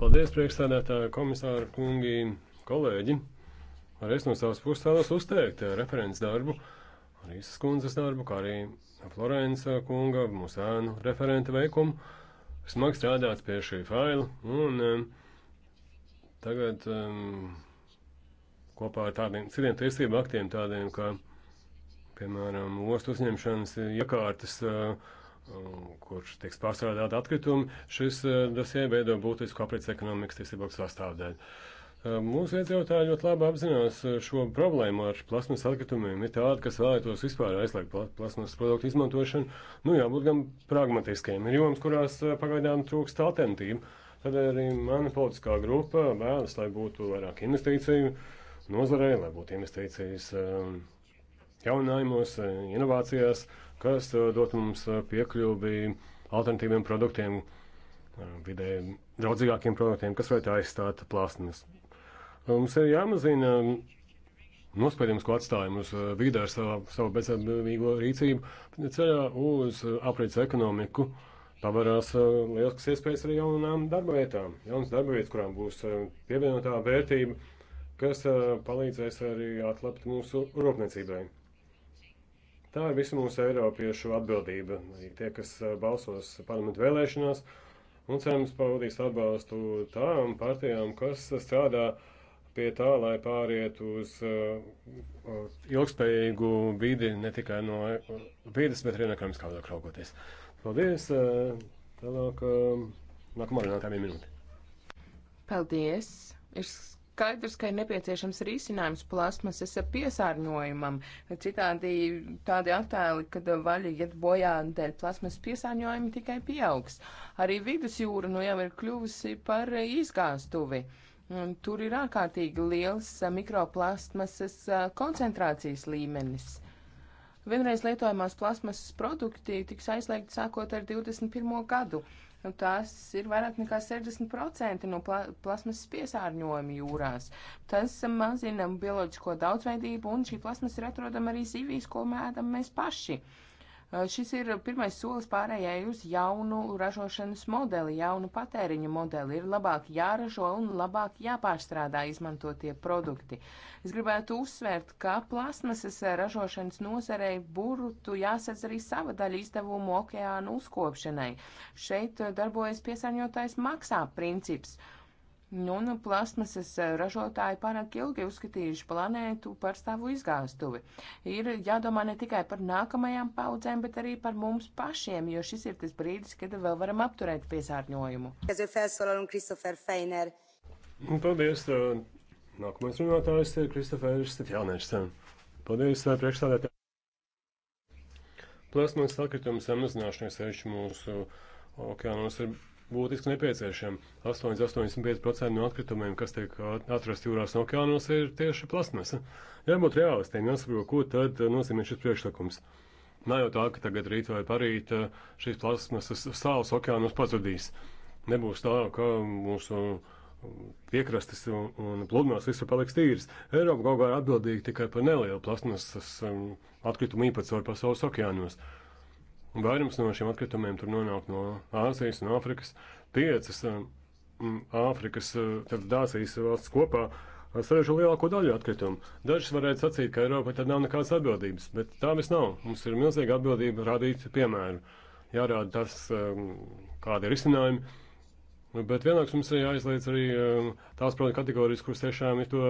Paldies, priekšstādātāja komisāra kungi, kolēģi! Arī es no savas puses vēlos uzteikt eh, referents darbu, Rīsas kundzes darbu, kā arī Florence kunga, mūsu ēnu referenta veikumu. Smag strādāts pie šī faila, un um, tagad um, kopā ar tādiem citiem tiesību aktiem, tādiem kā, piemēram, ostu uzņemšanas iekārtas, kurš tiks pārstrādāt atkritumi, šis dosie veido būtisku aprits ekonomikas tiesību aktu sastāvdaļu. Mūsu iedzīvotāji ļoti labi apzinās šo problēmu ar plasmas atkritumiem. Ir tādi, kas vēlētos vispār aizliegt plasmas produktu izmantošanu. Nu, jābūt gan pragmatiskiem. Ir jomas, kurās pagaidām trūkst alternatīvu. Tad arī mana politiskā grupa vēlas, lai būtu vairāk investīciju nozarē, lai būtu investīcijas jauninājumos, inovācijās, kas dot mums piekļuvi alternatīviem produktiem, vidē draudzīgākiem produktiem, kas varētu aizstāt plāsnes. Mums ir jāmazina nospēdījums, ko atstājam uz eh, vidē ar savu, savu bezatbildīgo rīcību, bet ceļā uz eh, aprīts ekonomiku pavarās eh, lielas iespējas arī jaunām darba vietām. Jaunas darba vietas, kurām būs pievienotā vērtība, kas palīdzēs arī atlapt mūsu rūpniecībai. Tā ir visu mūsu eiropiešu atbildība. Arī tie, kas balsos parlamentu vēlēšanās, un cerams paudīs atbalstu tām partijām, kas strādā pie pie tā, lai pārietu uz uh, ilgspējīgu vidi ne tikai no uh, vides, bet arī no ekonomiskā viedokļa raugoties. Paldies! Uh, tālāk, uh, nākamā runā tā viena minūte. Paldies! Ir skaidrs, ka ir nepieciešams risinājums plasmasas piesārņojumam. Citādi tādi attēli, kad vaļa iet bojā dēļ plasmasas piesārņojuma tikai pieaugs. Arī vidusjūra nu jau ir kļuvusi par izgāstuvi. Uh, Un tur ir ārkārtīgi liels mikroplastmasas koncentrācijas līmenis. Vienreiz lietojamās plasmasas produkti tiks aizliegti sākot ar 21. gadu. Nu, tās ir vairāk nekā 60% no pla plasmasas piesārņojuma jūrās. Tas mazina bioloģisko daudzveidību, un šī plasmasa ir atrodama arī zivīs, ko mēdam mēs paši. Uh, Uh, šis ir pirmais solis pārējai uz jaunu ražošanas modeli, jaunu patēriņu modeli. Ir labāk jāražo un labāk jāpārstrādā izmantotie produkti. Es gribētu uzsvērt, ka plasmasas ražošanas nozarei burtu jāsadz arī sava daļa izdevumu okeānu uzkopšanai. Šeit darbojas piesārņotājs maksā princips. Uh, Nu, nu, plasmasas eh, ražotāji pārāk ilgi uzskatījuši planētu par savu izgāstuvi. Ir jādomā ne tikai par nākamajām paudzēm, bet arī par mums pašiem, jo šis ir tas brīdis, kad vēl varam apturēt piesārņojumu. Nu, paldies! Nākamais runātājs ir Kristofers Stefjānešs. Paldies, priekšstādētāji! Plasmas atkritums samazināšanās sevišķi mūsu okeānos ir būtiski nepieciešami. 8,85% no atkritumiem, kas tiek atrasti jūrās un okeānos, ir tieši plasmasa. Jābūt realistiem, jāsaprot, ko tad nozīmē šis priekšlikums. Nav jau tā, ka tagad rīt vai parīt eh, šīs plasmasas sāls okeānos pazudīs. Nebūs tā, ka mūsu piekrastes eh, un, un pludmales visur paliks tīras. Eiropa kaut kā ir atbildīga tikai par nelielu plasmasas eh, atkritumu īpatsvaru pasaules okeānos. Vairums no šiem atkritumiem tur nonāk no Āzijas un Āfrikas. Piecas um, Āfrikas, uh, tad Āzijas valsts kopā saražo lielāko daļu atkritumu. Dažs varētu sacīt, ka Eiropa tad nav nekādas atbildības, bet tā vis nav. Mums ir milzīga atbildība rādīt piemēru. Jārāda tas, um, kādi ir izcinājumi. Bet vienlaikus mums ir jāizliedz arī um, tās produktu kategorijas, kuras tiešām ir to